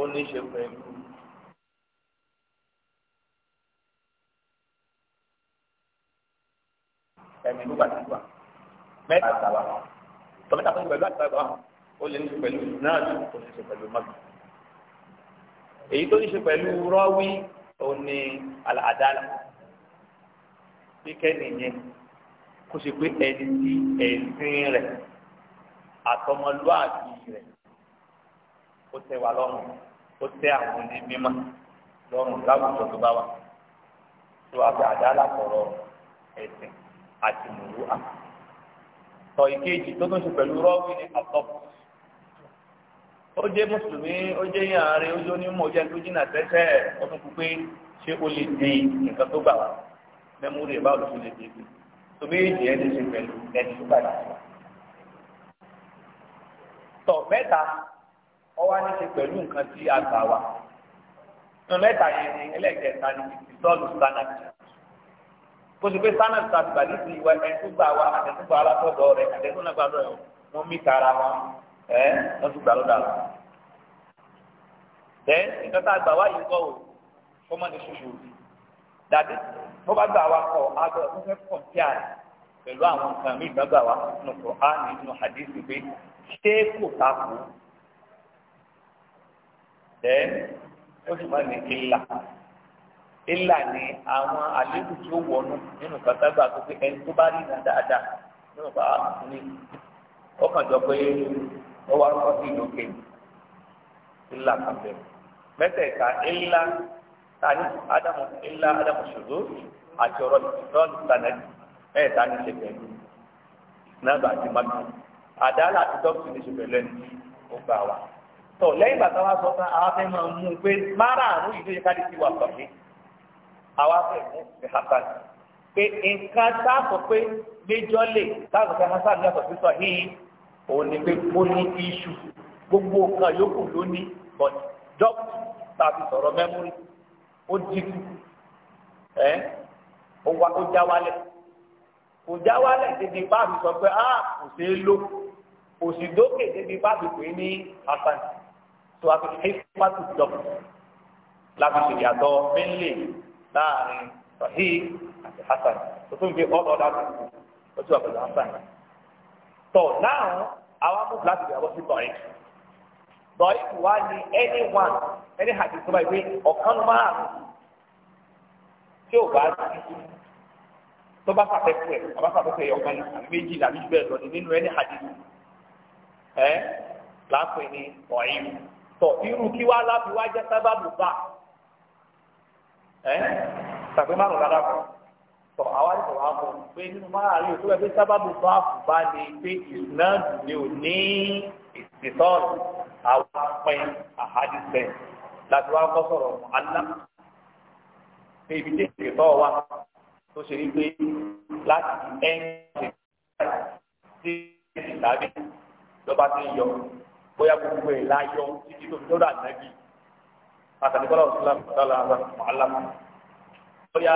ó ní í ṣe pẹ̀lú ẹ̀mí ló bá ti wà mẹ́ta àtàwà tọ́mẹ́ta fún pẹ̀lú àtàwà ó lè ní ṣe pẹ̀lú náà tó ní ṣe pẹ̀lú mọ́tò èyí tó ní ṣe pẹ̀lú rọ́wí ó ní àdáàlà kíkẹ́ nìyẹn kó ṣe pé ẹni tí ẹ̀sìn rẹ̀ àtọmọlúwàbí rẹ̀ ó tẹ́ wa lọ́rùn ó tẹ́ àwọn ní mímọ́ lọ́rùn láwùjọ tó bá wà tó a bẹ àdá lápọ̀rọ̀ ẹ̀sìn àti mùlú à. sọ ìkejì tó tún ṣe pẹ̀lú rọ́ọ̀wì ní àtọ́pù ó jẹ́ mùsùlùmí ó jẹ́ yàn rẹ̀ ó jẹ́ onímọ̀ ó jẹ́ tó tẹ́tẹ́ ó tún ṣé o lè di nǹkan tó gbà wá mẹ́múrì ẹ̀ báwo ló ṣe lè di ibi tó méjì ẹni ṣe pẹ̀lú ẹni tó gbà ọwọ́ ní ṣe pẹ̀lú nǹkan tí a gbà wá nínú mẹ́ta yẹn ni ni standard standard ta gbà ní ti ìwà ẹ̀ẹ́dúgba wa àtẹ̀túgba alátọ́dọ̀ rẹ̀ àtẹ̀túgba lọ́dọ̀ rẹ̀ wọ́n mí tara wa ẹ̀ wọ́n ti gbà lọ́dọ̀ rẹ̀ tẹ́ nǹkan tá a gbà wá yìí kọ́ o kó má ní ṣoṣo dàbí bó bá gbà wá fẹ́ pọ̀ sí ẹ ó sì má ní ni àwọn àléébù tí ó wọnú nínú kàtàgbà tó pé ẹni tó bá rí ìlà dáadáa nínú bá ah, ní ọkàn jọ pé ó wá rọ́ sí ìlókè ìlà kan bẹ́ẹ̀ mẹ́tẹ̀ẹ̀ta ìlà tani adamu ìlà adamu ṣòro àti ọ̀rọ̀ ìtọ́nù sanadi mẹ́ẹ̀ta ní ṣe pẹ̀lú náà àti mami àdá láti dọ́kítì ní ṣe pẹ̀lú ẹni ó gbà wá tọ̀ lẹ́yìn bàtà wa sọ tán àwa fẹ́ máa mú un pé mara àrùn yìí ló yẹ káàdì sí wa sọ̀rọ̀ àwa fẹ́ mú un hasan pé nǹkan tá pé méjọ́ lè tá pé hasan yàtọ̀ sí sọ híì òun ni pé ó ní iṣu gbogbo nǹkan yòókù ló ní but dọ́pù tá a fi sọ̀rọ̀ mẹ́mórì ó dínkù ẹ́ ó wá ó já wálẹ̀ kò já wálẹ̀ débi bá a fi sọ pé a ah, kò ṣeé lò kò dókè débi bá a fi pè é ní hasan tó a fi hikmatu dọ̀ láti ṣèyàtọ̀ mẹ́lẹ̀ láàrin sahih àti hasan tó tún fi ọ̀dọ̀ dàbí ó ti wà pẹ̀lú hasan. tó náà àwa mú láti bẹ̀rẹ̀ sí bọ̀ọ̀yì bọ̀ọ̀yì wà ní any one any hadith tó bá yẹ pé ọ̀kan máa tí ò bá sí tó bá fà fẹ́ẹ́ fẹ́ ọ bá fà fẹ́ẹ́ fẹ́ yọ kan àbí méjì làbí bẹ́ẹ̀ lọ nínú ẹni hadith ẹ láàpẹ̀ ní ọ̀yìn tọ̀ irú kí wá láti wá jẹ́ sábàbù bá ẹ́ tàbí márùn dáadáa kọ́ tọ̀ àwa ní sọ̀rọ̀ àpò pé nínú márùn yóò tó bẹ́ẹ̀ pé sábàbù bá bá lè pé ìsìnáàdù ni ò ní ìsìtọ́ọ̀lù àwọn pin àhádìsẹ̀ láti wá kọ́ sọ̀rọ̀ àlá pé ibi tí ìsìtọ́ọ̀ wà tó ṣe ní pé láti ẹ́ ń ṣe sí ìsìtàbí lọ́ba ti ń yọ bóyá gbogbo ẹ̀ láyọ̀ títí tó fi dọ́dọ̀ ànábì àtàlùkọ́lá ọ̀sùlám ọ̀dàlà àlàmù bóyá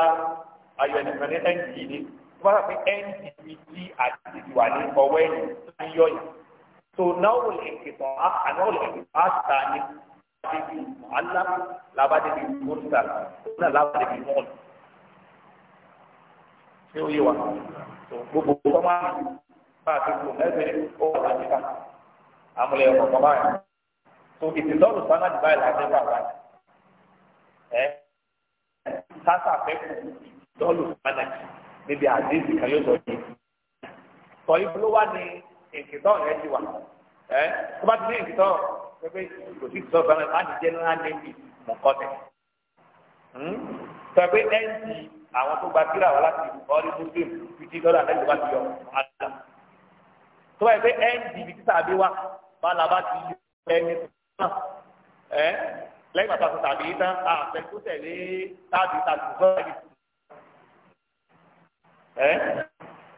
ayọ̀ ẹ̀nìkan ní ẹ́ǹdì ni tó bá sàpé ẹ́ǹdì mi tí àti ìwà ní ọwọ́ ẹ̀yìn tó ń yọ̀ yàn tó náwó lè kìtọ̀ ànáwó lè kìtọ̀ àtà ni àdébí àlàmù làbàdébí mọ́tà náà làbàdébí mọ́ọ̀lù tí ó yé wa gbogbo ọmọ àti bá a ti kù ẹgbẹ́ ọ̀rọ̀ àti amúlẹ̀ ọkọ̀ kan eh? báyìí so ìtìsọ́nù standard báyìí láti ń bàbá ẹ sásà fẹ́ kù ìtìsọ́nù standard níbi àdéhùn kan yóò sọ yìí sọ ibùdó wà ní ìtìsọ́nù yẹn ti wà ẹ tó bá ti ní ìtìsọ́nù pépé kò sí ìtìsọ́nù standard láti general navy mọ̀kọ́tẹ̀ sọ pé ẹ́ńtì àwọn tó gba kíra wà láti ọ̀rí muslim títí lọ́dọ̀ àtẹ́gbẹ́ bá ti yọ ọ̀hánà tó bá yẹ pé ẹ́ńtì ibi àbí wá bala bá ti yọ ẹni tán ẹ lẹ́yìn bàtà tó tàbí tán àfẹ tó tẹ̀lé tàbí tàbí tó tẹ̀lé ẹ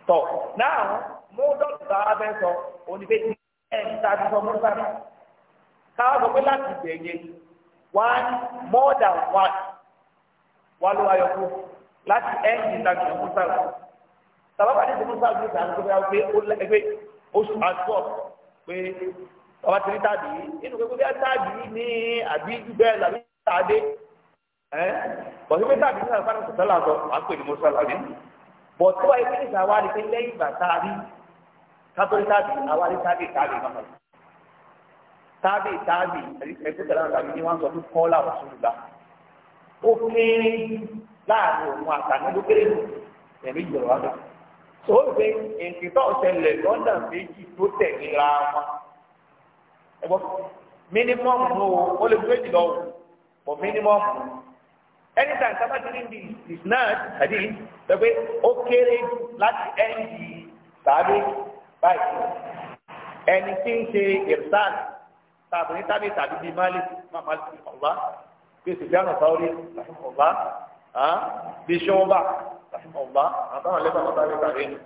tọ náà mú dọ́kítà abẹ sọ oníbẹ̀ tí ẹ̀ ń tàbí sọ mú sáré káwọn sọ pé láti bẹ̀yẹ one more than one wà ló wáyọ kú láti ẹ̀yìn tàbí sọ mú sáré tàbá bàtà tó mú sáré tó tàbí sọ pé ó lẹ́gbẹ̀ẹ́ oṣù àtúwọ̀. pé ọba ti ní táàdì yìí nínú pé bóyá yìí ní àbí bẹ́ẹ̀ làbí tàdé bọ̀dé pé yìí náà pè ní mo sọ́lá bọ̀ tó wáyé pé nígbà wá rí pé lẹ́yìn ìgbà táàdì kátórí táàdì àwa rí Taadi taadi, náà ẹgbẹ́ tẹ̀lé àwọn wọ́n sọ fún kọ́lá ó fi láàrin òun kéré ó gbé ìkìtọ́ ọ̀sẹ̀lẹ̀ lọ́nà méjì tó tẹ̀lé ra wọn. ẹ gbọ́ mínímọ́ọ̀mù o ó lè gbé jùlọ o pọ̀ mínímọ́ọ̀mù. ẹni tàn sábà ti ní ìsìn náà àdé sọ pé ó kéré láti ẹ̀ǹdì tàbí báyìí. ẹni tí ń ṣe ìrìsáàlì tàbí ní tàbí tàbí bíi máàlì máàlì ọ̀gbá kí o sì fi ọ̀gbá bí sọ́wọ́bà ọ̀bá àtàwọn lẹ́bàá bàbá rẹ̀ bàrẹ̀ nù.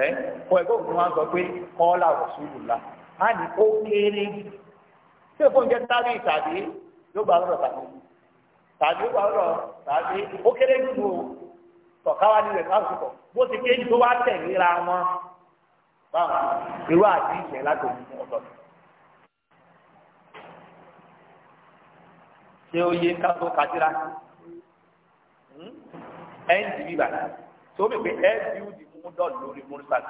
ẹ kọ ẹgbẹ́ òkú máa ń sọ pé kọ́lá rọ̀ṣúlùlá á ní ó kéré tí èkó ń jẹ́ tábí tàbí yóò gbà lọ́dọ̀ tàbí tàbí yóò gbà lọ́dọ̀ tàbí ó kéré nínú o tọ̀káwá nílẹ̀ káàkiri kọ̀ bó ti kéjì tó wá tẹ̀léra wọn báwọn irú àti ìṣẹ̀ láti òkú ọ̀dọ̀ ṣé ó yẹ ká tó kájíra Hmm? end bíbà tó mi pé ẹ bíúdì fún dọ́ọ̀lù lórí mọ́rísàl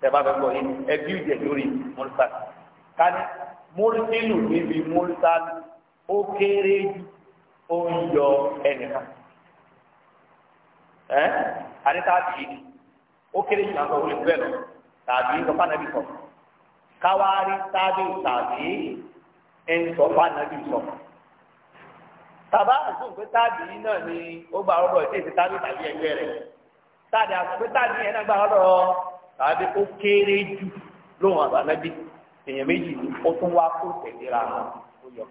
tẹ̀bá fẹ́ gbọ́ yìí ẹ bíúdì ẹ̀ lórí mọ́rísàl ká ní mọ́rísìlù níbi mọ́rísàl ó kéré jù ó ń yọ ẹnìkan ẹ àdéta bìí ni ó kéré jù lásán òun di fẹ́ lọ tàbí ìtọ́fà nàbì sọ káwárí tábìlì tàbí tàbá àzùn pé táàdì yìí náà ni ó gba ọ̀rọ̀ ìdí èsì táàdì tàbí ẹgbẹ́ rẹ̀ táàdì àzùn pé táàdì yẹn náà gba ọ̀rọ̀ tàbí ó kéré jù lóhùn àbánábí èèyàn méjì ni ó tún wá kó tẹ̀léra wọn ó yọ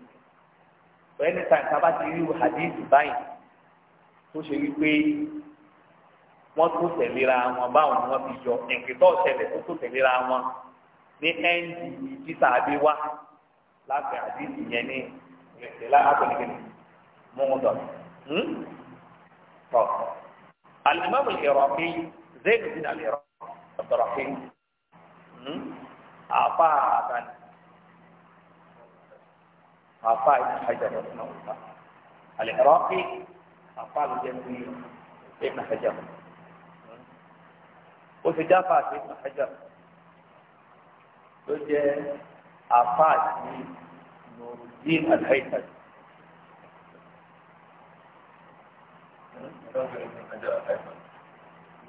ẹni tàn tábà ti rí hadith báyìí tó ṣe wípé wọ́n tó tẹ̀léra wọn báwọn ni wọ́n fi yọ ẹ̀kẹ́tọ́ ṣẹlẹ̀ tó tó tẹ̀léra wọn ní ẹ́ńdì ìjísà àbí wá láti hadith yẹn ní ìrẹ̀lẹ́ مغضب طب الإمام العراقي زين الدين العراقي عبد الرحيم أعطاه عن أعطاه ابن حجر رحمه الله العراقي أعطاه الجنبي ابن حجر وفي دافع ابن حجر وجه أعطاه نور الدين الهيثمي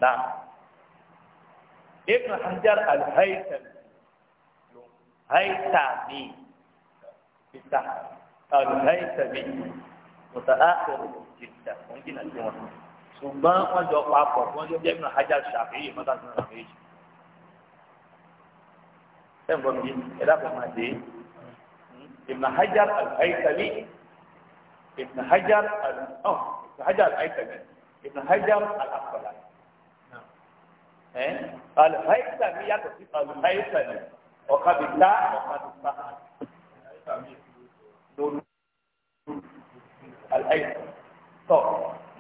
نعم ابن حجر الهيثم هيثمي بتاعه الهيثمي متأخر جدا ممكن أن ثم وجد بابا وجد ابن حجر الشافعي ماذا سنرى فيه كم بمجين إلا بمجين ابن حجر الهيثمي ابن حجر الأهل hajar al-haythami ibn hajar al-asqalani eh? al-haythami yàtọ̀ sí al-haythami ọ̀kadìta ọ̀kadìta lórí al-haythami tọ́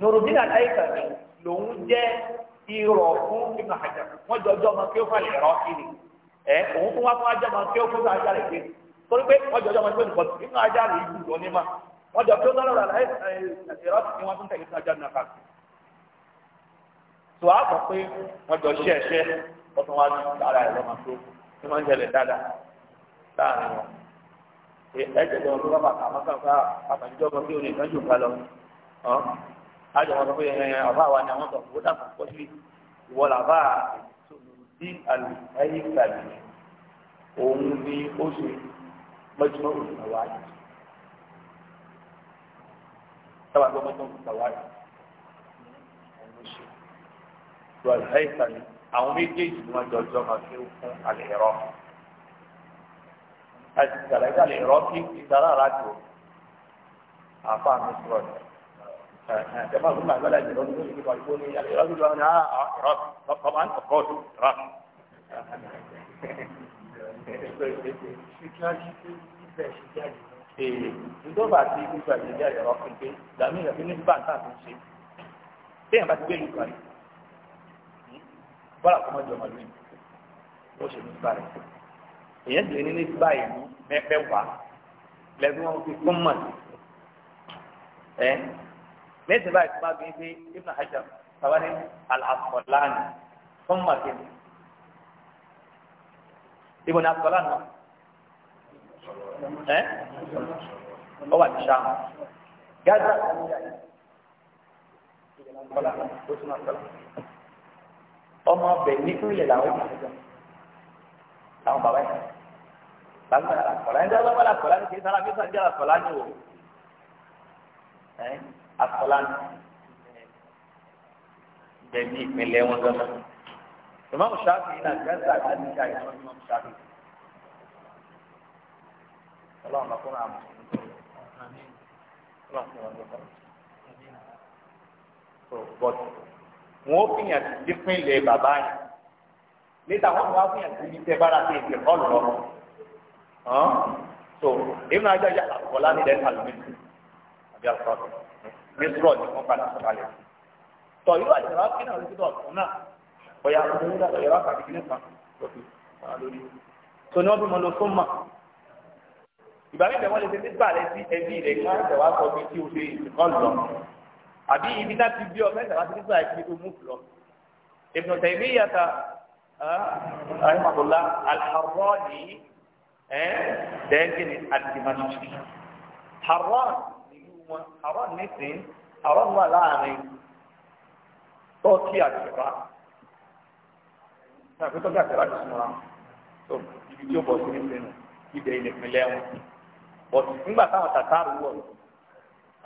nurudin al-haythami Lo jẹ́ irọ́ fún ibn hajar wọ́n jọjọ́ ma kí ó fà lè rọ́ kiri ẹ̀ òun fún wa fún ajá ma kí ó fún ajá rẹ̀ kiri torí pé wọ́n ma kí ó nìkan ibn hajar rẹ̀ ibùdó ní ma wọ́n jọ tó lọ́rọ̀ àlàyé ìrọ́sì tí wọ́n tún tẹ̀lé sọ́jọ́ náà kàkiri. tó a sọ pé wọ́n jọ ṣe ẹ̀ṣẹ́ wọ́n tún wá ní ara ẹ̀rọ máa tó tí wọ́n ń jẹlẹ̀ dáadáa láàrin wọn. ẹ̀jẹ̀ lọ́wọ́ tó bá bàtà àmọ́kànká àtàjọ́ ọmọ bí orin ìtọ́jú ká lọ. àjọ wọn sọ pé àbá wa ni àwọn tọ̀kùn kódà kọ́ sí ìwọ làbá bí àlùfáyé òun ni ó ṣe mọ́júmọ́ táwa gbọ́ mọ́tò ń sàwárì lọ àìsà ni àwọn méjèèjì ni wọ́n jọ jọ máa fi fún àlè ẹ̀rọ àti ìgbàlejò àlè ẹ̀rọ kí ìdára rájò àfa mi sọ̀rọ̀ ni jama kuma gbala jẹ lọdún lórí kíkọ ìfowó ní alẹ ìrọbí lọ ní àá ìrọbí lọkọ máa ń kọkọ ọdún ìrọbí. Ìgbà ìgbésẹ̀ ṣe kí wọ́n ṣe pé ibẹ̀ ṣe jáde lọ èyí ìdọ́gba àti gbogbo àìsèdè àyàwó fún pé ìdààmú ìyàfi ní bàǹtà tó ń ṣe téèyàn bá ti gbé ìlú kan bọ́lá kọ́mọ́ jọ màlúù yìí ó ṣe ní bá rẹ̀ èyàn sì ní ní bá ìlú mẹ́fẹ́wàá lẹ́gbẹ́ wọn fi fún mọ̀ ẹ́ mẹ́sìn báyìí tó bá gbé pé ibùdó àjà bàbá ní àlàkọ̀lánì fún mọ̀ kí ibùdó àkọ̀lánì náà. Gaza? ẹ́ ọ wà ní sáà gaza ọmọ ọbẹ̀ nípínlẹ̀ làwọn làwọn bàbá yìí bàbá yìí àkọlá ẹni tí wọn bá àkọlá ní kìí sára fífa jẹ àkọlá ní o àkọlá ní bẹ́ẹ̀ ní ìpínlẹ̀ wọn gbọmọ ìmọ̀ ṣáfì náà gaza àti ìjà ìmọ̀ ìmọ̀ ṣáfì ọlọ́run lọ́kọ́ máa mọ̀ ọlọ́run fún wọn lọ́kọ́. so but wọn ó fìyàn sí pínlẹ̀ bàbá yẹn níta wọn wá fìyàn sí ní tẹ́bára sí ìpè so èmi náà jẹ́ àkọ́lá ní dẹ́ta lómi àbí àkọ́lá ní sọ̀rọ̀ ní wọ́n padà sọ̀kalẹ̀ tọ̀ yóò àti ìrọ̀ kí náà ló ti tọ̀ ọ̀tún náà bóyá ọ̀tún yóò dàgbà kí ní kan lórí. so ní wọ́n fi mọ́ lọ fún mọ́ ìgbà mi bẹ̀ wọ́n lè ṣe nígbà rẹ sí ẹbí rẹ kí wọ́n tẹ̀wá sọ pé kí o ṣe ìsìnkán lọ àbí ibi náà ti bí ọ mẹ́ta láti nígbà ìpín tó mú lọ. Ibn Taymiyyah rahimahullah al-Harrani dẹ́gẹ́ni àdìmọ́sí. Harran nìlú wọn Harran nìsín Harran wà láàrin tọ́kì àti ìrà. tọ́kì àti ìrà ti súnmọ́ra. Ibi tí ó bọ̀ sí ní sẹ́nu ibẹ̀ wọn bọ̀tù nígbà táwọn tàtàrù wọ̀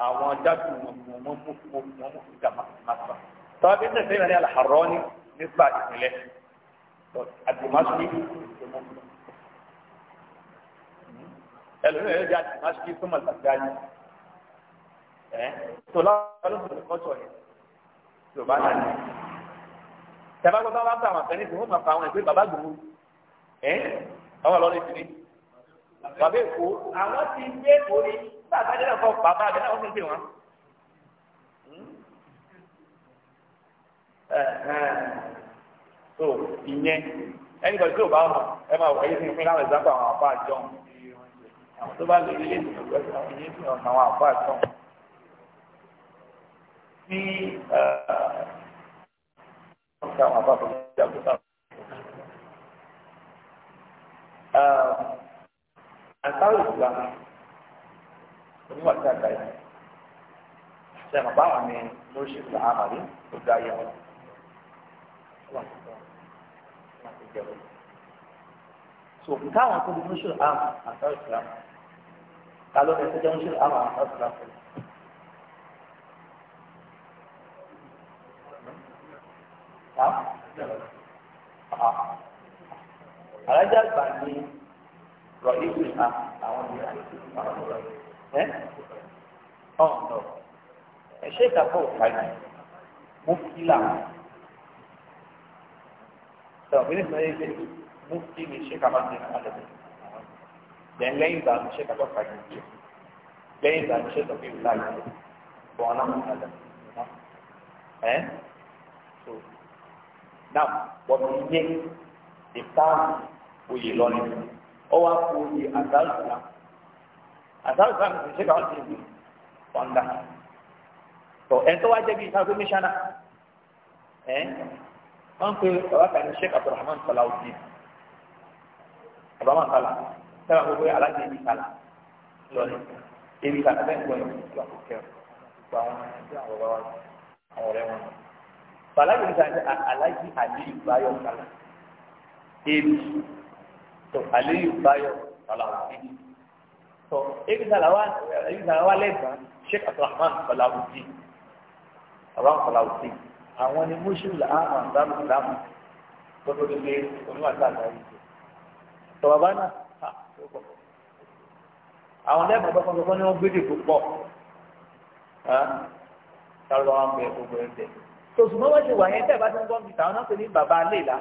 àwọn jáde wọn mọ mú wọn mú ìjà màtà tọ́wọ́ bí tẹ̀sẹ̀ ìrìn àlàhàrọ́ ní nígbà ìpínlẹ̀ àdìmásí ẹlòmíràn yóò di àdìmásí tó mọ̀ tàbí ayé ẹ̀ tó lọ́wọ́ lọ́sọ̀rọ̀ kọ́sọ̀ yẹn tó bá dà ní tẹ́lá gbọ́dọ̀ bá bá àwọn àfẹ́ni tó wọ́n máa fa àwọn ìgbé bàbá gbòòrò ẹ̀ ọwọ́ lọ́ọ́ bàbá èkó àwọn ti gbé èkó ni bàbá àti ẹ̀dá kan bàbá àti ẹ̀dá kan fún wọn. Hmm? so ìyẹn ẹni kan tí ò bá mọ̀ ẹ máa wọ̀ ẹ́ yín fún láwọn ìzápọ̀ àwọn àpá àjọ àwọn tó bá lè lé ìyẹn àwọn àpá àjọ tí ọ̀sán àwọn àpá àjọ táwọn ìgbà oníwà tí a gbà yìí ṣe àmọ́ báwọn ni ló ṣe fún àmàlí tó gba ayé wọn so káwọn tó di mọ́ṣúlù àmà àtàwọn ìsìlámù ta ló fẹ́ sẹ́jọ́ mọ́ṣúlù àmà àtàwọn ìsìlámù. Alájà gbà ní rọ ìlú ìta àwọn ìlú àwọn ìlú ẹ ọ nọ ẹ ṣe ìtàkọ òkàlì mú kí làwọn sọ sọ yẹ kí mú ni ṣe kàmá ní ìlú àlẹ́ bẹ́ẹ̀ lẹ́yìn ìgbà ní ṣe kàmá kàlì jù lẹ́yìn ìgbà ní ṣe tọ́kì ìlú àlẹ́ bọ̀ ọ́nà mú àlẹ́ ẹ so now wọ́n ti yé ìta oyè lọ́nà ọwọ́ àpò oyè àdáàlùfà àdáàlùfà mi ṣe káwọn ti di ọ̀ǹda tọ ẹ̀ tó wá jẹ́ bí ìtàgé mísánná ẹ̀ wọ́n pe ọ̀rọ̀ kan ní sheikh abdulrahman salawudeen abdulrahman sala sábà gbogbo alájẹ ibi sala lọ́ni ibi sala bẹ́ẹ̀ ń gbọ́ ní ìgbà kò kẹ́ gbogbo àwọn ọ̀rẹ́ wọn àwọn ọ̀rẹ́ wọn sọ alájẹ ibi sala àlè ìgbà yọ̀ sala ebi tó aliyu bayo salawudi tó ebi salawa ebi salawa lẹ́gbàá sheikh abdulrahman salawudi abdulrahman salawudi àwọn ni mùsùlùmí àwọn àgbàlù ìlànà gbogbo gbogbo oníwàtí àgbáyé tó bàbá náà ha tó bọ̀ àwọn lẹ́gbàá gbọ́kànlọ́kọ́ ni wọ́n gbé dìbò pọ̀ sáré wọn bẹ gbogbo ẹ̀ tẹ̀ tòṣùmọ́ wọ́n ti wà yẹn tẹ̀ bá ti ń gbọ́n bìtà wọn náà pè ní bàbá alẹ́ ìlà.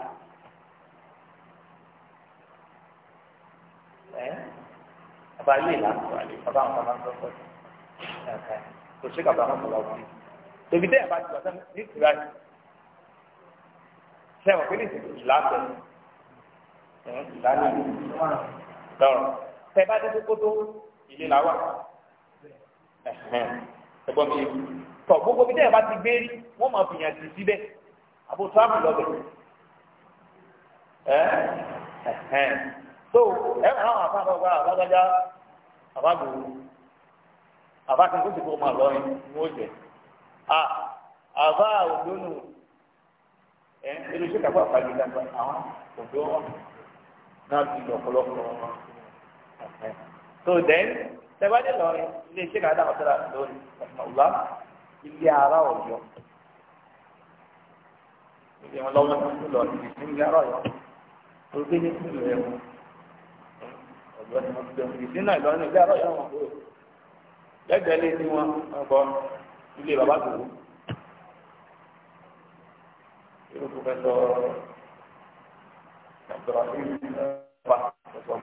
Habari hii la baba mama mtoto. Okay. Kushika baba mama wao. Tevite abati wasa ni kurani. Sema kweli lapo. Eh, ndani. Sawa. Sema tu kuto ile lawa. Eh. Ẹ̀gbọ́n mi tọ̀ gbogbo bíi tẹ́yà bá ti gbé rí wọ́n máa fi yàn sí síbẹ̀ àbò tíráàmù lọ́bẹ̀. Ẹ ẹ̀ so ẹ máa hàn àfa àfa gbára àbájájá àfa gbòòrò àfa kí n kó ti kó máa lọrin ní ó jẹ a àfa òdónù ẹ nínú iṣẹ́ kápá àfàgbé dàgbà àwọn òdó náà ti lọ ọ̀pọ̀lọpọ̀ so then tẹ̀wádìí lọrin ilé iṣẹ́ kápá àfàgbé lọrin ọ̀la ilé ara ọ̀yọ́ ilé wọn lọ́wọ́ lọ́wọ́ lọrin ilé ara ọ̀yọ́ tó gbé ní ìlú ẹ̀wọ̀n ìdínà ìlọrin ilé àbájá wọn kúrò lẹ́gbẹ̀ẹ́ lé ní wọn ọkọ ilé bàbá tòun irú pòfẹsọ abdulrahim ọba ọsọ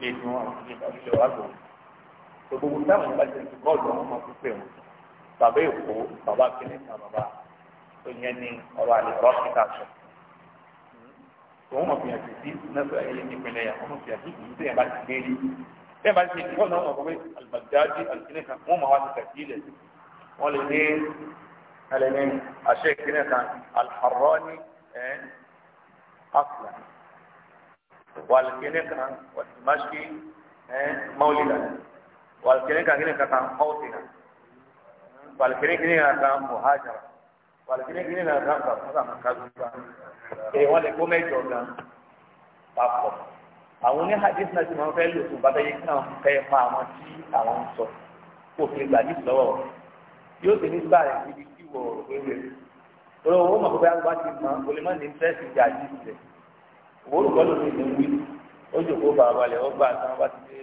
lé ní wọn ilé bàbá tòun gbogbo táwọn ìgbà tí ti bọ́ọ̀lù àwọn ọmọ pípé wọn bàbá èkó bàbá kìnìkan bàbá tó yẹn ní ọba àlè rọ́ọ̀kì káàkiri. òun mọ̀ fìyànjú sí nọ́ọ̀sì ayé ìpínlẹ̀ yà wọ́n mọ̀ fìyànjú sí ìdíyẹ̀ bá ti gbé rí bẹ́ẹ̀ bá ti ṣe wọ́n náà wọ́n pé alùbàdájú alùpìnlẹ̀ kan wọ́n mọ̀ wá ti tẹ̀sí ilẹ̀ wọ́n lè ní alẹ́ ní àṣẹ ìpínlẹ̀ kan alḥarani ẹ̀ asla wàlùpìnlẹ̀ kan wàtìmáṣí ẹ̀ mọ́wùlìlà wàlùpìnlẹ̀ kan kìnìkan kan kọ́ọ̀tìnà wàlùpìnlẹ̀ kìnìkan kan mọ̀hájàrà wàlẹ̀ gírígírí náà dá nǹkan fún àwọn kájúgbà ẹ̀ wọ́n lè kó mẹ́jọ gan papọ̀ àwọn oníhàdís náà ti máa ń fẹ́ lò fún bàbá yìí náà fẹ́ pa àwọn tí àwọn ń sọ kó fi gbà ní lọ́wọ́ yóò sì ní gbà rẹ̀ níbi tí wọ̀ wéwé tọ́lọ́ owó mọ̀ pé àwọn ti mọ̀ olè má ní fẹ́ sí ìjà yìí rẹ̀ owó olùkọ́ ló ní ìlú wí ó jòkó bàbá rẹ̀ ó gbà sáwọn bá ti dé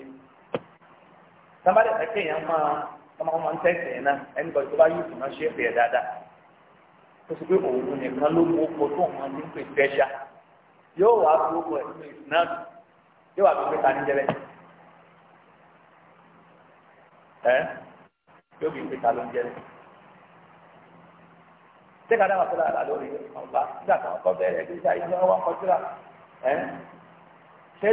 sábàdàn ẹ̀kẹ́ yẹn máa ọmọ ọmọ ń tẹ̀sẹ̀ náà ẹnì ó sì pé òun nìkan ló mú oko tó nǹkan ní pè fẹ́ṣà yóò wá fi oko ẹ̀ nínú ìsìnáà yóò wá fi pé ta ní jẹ́rẹ́ ẹ́ yóò fi pé ta ló ń jẹ́rẹ́ ṣé kàdá wà sọ́dọ̀ àlọ́ rẹ̀ ọ̀gá nígbà tí wọ́n kọ́ bẹ̀rẹ̀ ẹgbẹ́ ìṣáyé ní wọ́n kọ́ síra ẹ́ ṣé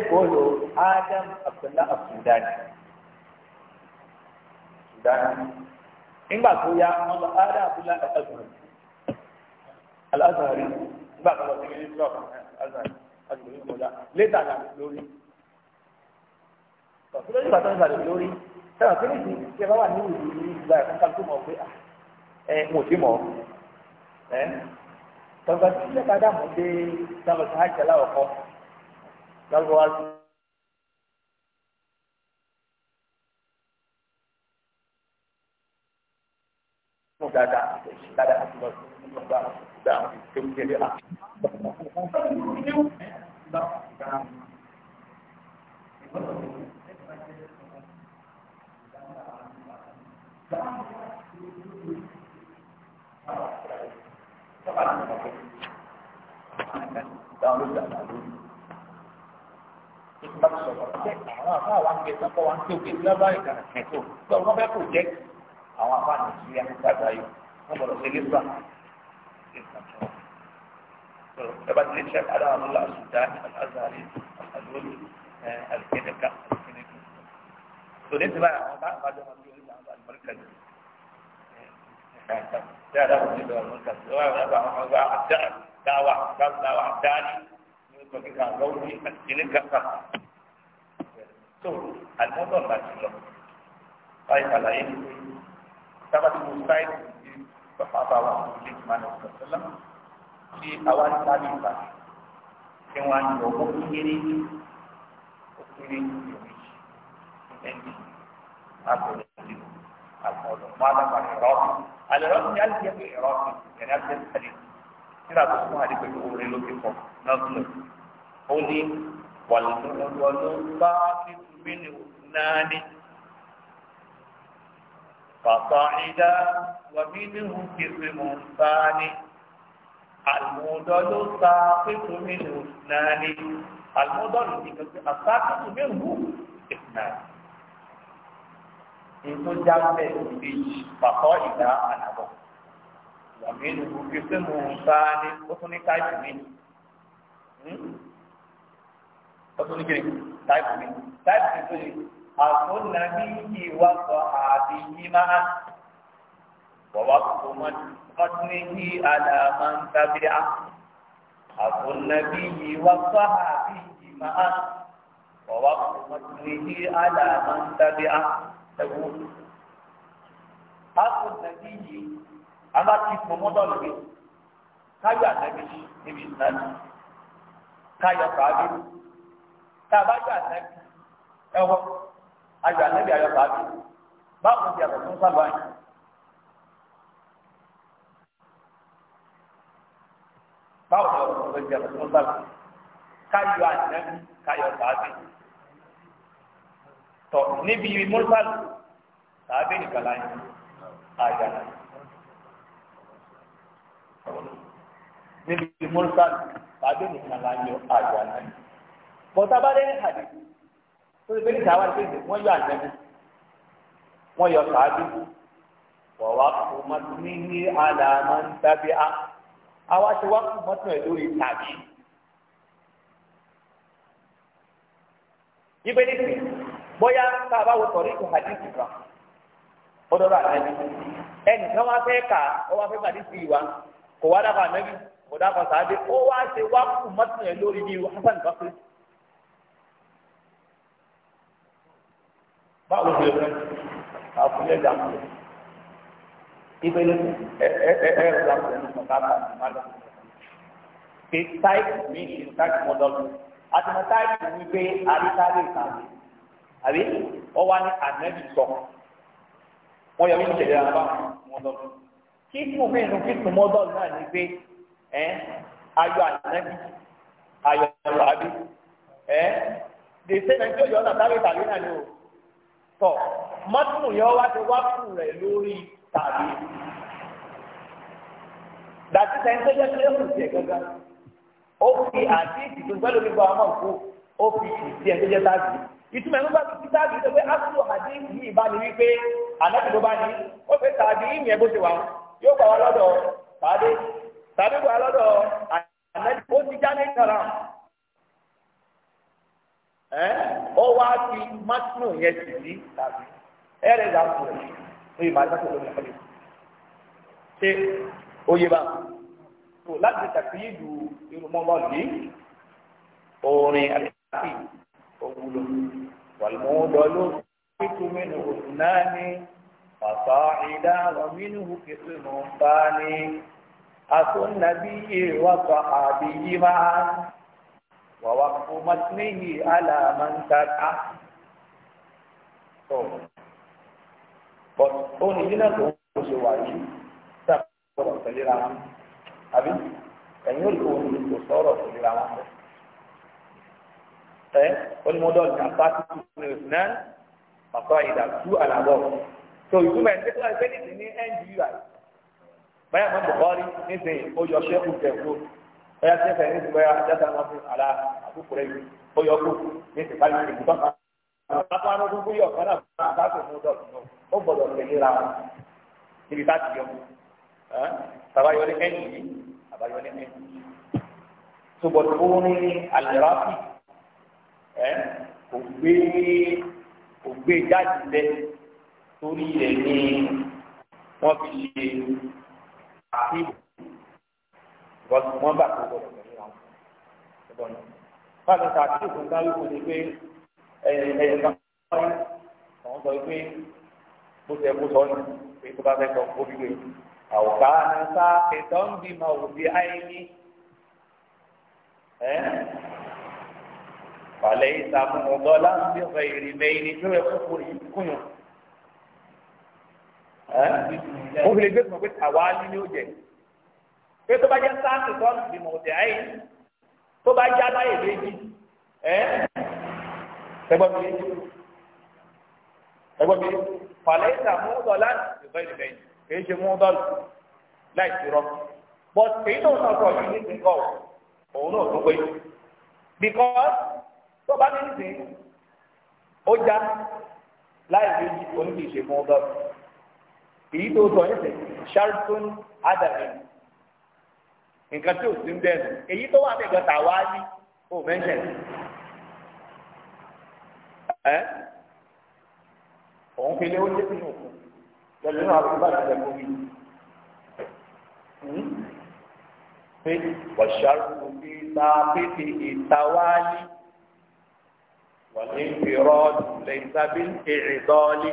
Adam Abdullah Sudan Sudan nígbà tó yá wọn Adam Abdullah Sudan alazari nígbà tó lọ sí ilé ìlú ọkàn alazari láti lórí ìkọjá létà náà lórí tọ̀sí lórí ìbátan ìsàlẹ̀ lórí sẹ́wọ̀n kí nìyí tí ẹ bá wà ní ìlú yìí gba ẹ̀fọn ká tó mọ̀ pé ẹ mo ti mọ̀ ẹ tọ̀gbà tí ilé padà mọ̀ dé sábà sí àjẹ́ láwọ̀kọ́ lọ́wọ́ wa lọ. dáadáa dáadáa àti lọ sí ọgbà àwọn. dalam tun ke da Hikmat sọ̀rọ̀ jẹ́ àwọn afá wa ń gbé sọ́kọ̀ wa تبقى الشيخ على أمر الله السوداني الأزهري الألولي الكنكة الكنكة سنت بقى بعد ما بيقول المركز لا لا بد من المركز دعوة دعوة ثاني يقول لك قولي الكنكة تو الموضوع ما تشوفه طيب على ايه ثبت مستعد sọ̀fàfà wà ní ilé ìgbìmọ̀ náà sọ̀tọ́lá tí àwa ń sáré ìgbà tí wọ́n á yọ owó kéré ó kéré ìròyìn ẹ̀ńdì àgbọ̀dọ̀ ìdí àgbọ̀dọ̀ mọ́àdàmà ìrọ́bì àlẹ́rọ́bì ni àlẹ́ yẹ pé ìrọ́bì ìrìn àti ẹ̀sẹ̀lẹ̀ síra tó fún àdé pẹ̀lú orin ló ti pọ̀ nọ́ọ̀sùlẹ̀ ó ní wàlúwọ̀lú bá fi mí ní فصعد ومنه كرم ثاني المضل ساقط منه اثنان المضل الساقط منه اثنان ètò jáde ìbejì pàtó ìdá ànàbọ wàmí nùkú fífẹ mò ń bá ní ó tún ní táìpù mi ó tún ní kiri táìpù mi táìpù mi tó yẹ. أكون نبيه وصحابه معا ووقت من قتله على من تبعه أكون نبيه وصحابه معا ووقت قتله على من تبعه تقول أكون أما كيف مضل به ànábi níbi ìsìnáàbì káyọ̀ sàábì tá a bá ayọ̀ anabi ayọ̀ sáábì báwo ti yàtọ̀ fún sábà yìí. báwo ni ọ̀rọ̀ tó ti yàtọ̀ fún sábà káyọ̀ anabi káyọ̀ sáábì tọ̀ níbi mọ́sálù sáábì nìkan láyé ayọ̀ anabi. níbi mọ́sálù sáábì nìkan láyé ayọ̀ anabi. bọ́tà bá dé ní àdìsí tó ti bẹ́ẹ̀ sáwá ṣe wọ́n yọ àjẹbí wọ́n yọ sàábí wọ́n wá kó mọ́tò ní ní àlàmọ́ ń dábẹ́ á àwa ṣe wá kó mọ́tò ẹ̀ lórí tàbí. ibẹ̀ ní sè bóyá tá a bá wo sọ̀rọ̀ ètò hadith kan ó dọ́rọ̀ àjẹbí ẹnìkan wá fẹ́ kà ó wá fẹ́ gbàdí sí wa kò wá dábàá nẹ́bí kò dábàá sàábí ó wá ṣe wá kó mọ́tò ẹ̀ lórí bí Hasan Basri. báwo lè rẹ àfúnlẹ̀ dàpọ̀ ìpele ẹ ẹ ẹ ẹ rẹ dàpọ̀ ní kọ̀ọ̀kan àti pé táìpù mi ní táìpù mọ́tọ́lù àti mọ táìpù mi pé àríkárè kàwé àbí wọ́n wá ní ànẹ́bì sọ wọ́n yọ mí ní ìṣẹ̀lẹ̀ àbá mọ́tọ́lù kí fún mi nù kí fún mọ́tọ́lù náà ní pé ẹ ayọ̀ ànẹ́bì ayọ̀ àbí ẹ lè ṣe nàìjíríà yọ̀ọ́ nàtàlẹ́ ìtàlẹ́ náà ni o. tọ mọ́tò yẹn wá ti wá kù rẹ̀ lórí tàbí dàtí sẹ́yìn tó jẹ́ kílẹ̀kù gángan ó fi àti ìdìbò pẹ̀lú gbígbọ́ àwọn òkú ó fi ìdí ẹ̀ tó jẹ́ ìtumọ̀ ẹ̀ nígbà tí sáàbì tó pé áṣùlù àdé yìí ìbáni wípé ànábì ló bá ní ó fẹ́ tàbí ìyẹn bó ṣe wà yóò gbà wá lọ́dọ̀ ọ wá fi matinu yẹn sì sí tàbí ẹrẹ là ń pọ oye màá dákọ̀ lórí ẹ̀rẹ́ ṣe oye bá tó láti tàbí ìlú irúmọ́mọ́ yìí orin àti òwúlò wàlúmọ́dọ́ ló fi túmí ní oṣù náà ní pàṣẹ ìdá ọ̀mínú kìtì mọ̀ bá ní asọ́nàbí yìí wà sọ àbí yìí máa. ووقف متنه على من تبعه but òní yìí náà lòun kò ṣe wà yìí tá a sọ̀rọ̀ tẹ̀léra wọn àbí ẹ̀yin ò lòun ní kò sọ̀rọ̀ tẹ̀léra wọn bẹ́ẹ̀. ẹ onímọ̀dọ́ ní apáti tuntun ní náà pàtó àyèdà tú àlàbọ̀ tó ìtumọ̀ ẹni tó ẹgbẹ́ nìdí ní ndui báyà mọ́ bùkọ́rí nísìnyí ó yọ ṣẹ́kù jẹ̀kú ẹ̀yà tí ẹ̀fẹ̀ ní ìgbẹ́ àjẹsà wọn fi àlà àbúkù rẹ̀ yìí ó yọ kú ní ìsìnká ní ìgbìtọ́ kan. àwọn arúgbó gbé ọ̀kan náà fún àbáṣe fún dọ̀tí náà ó gbọ́dọ̀ tẹ̀lé ra wọn níbi tá a ti yọ kú. bàbá yọ ní ẹ̀yìn yìí bàbá yọ ní ẹ̀yìn. ṣùgbọ́n tó ní àlẹ́ráfì kò gbé kò jáde lẹ torí rẹ̀ ni wọ́n fi ṣe àfihàn wọ́n gbà tó gbọdọ̀ pẹ̀lú àwọn ọ̀dọ́ náà. báyìí ta kí ìfún dárí kò ní pé ẹyẹ kan wáyé àwọn sọ pé bó ṣe kó sọ ní pé tó bá fẹ́ sọ kó fi gbé àwòká ní sá ìtọ́ ń bí ma ò bí ayé ní. Fàlẹ́ ìsàmù ọ̀dọ́ láti ọ̀fẹ́ ìrìnlẹ̀ ìní tó yẹ kó kúnyùn. Ó fi lè gbé tó pé àwa ní ní ó jẹ pé tó bá jẹ́ sáàtì tọ́lù bí mọ̀ọ́dẹ̀ ayé tó bá já láyè méjì ẹ́ ẹgbọ́n mi ẹgbọ́n mi fàlẹ́ ìsàmú dọ́là ìbẹ́ ìbẹ́ kì í ṣe mú dọ́lù láì sí rọ but èyí tó ń sọ̀rọ̀ yìí ní ìsìnkọ́ òun náà tó pé because tó bá ní ìsìn ó já láì méjì oníkìí ṣe mú dọ́lù èyí tó sọ ẹsẹ̀ sharton adamini nǹkan tí ò sí ń bẹ̀rù èyí tó wà nígbà tá a wá ní ò mẹ́ṣẹ̀ ẹ́ òun fi lé oúnjẹ sínú òkú pẹ̀lú náà àbúrò bá ti lẹ̀ fún mi pé wàṣàrù fi ta pété ìtawáyé wà ní ìrọ́ọ̀dù lẹ́yìn sábẹ́ ìrìndọ́ọ́lé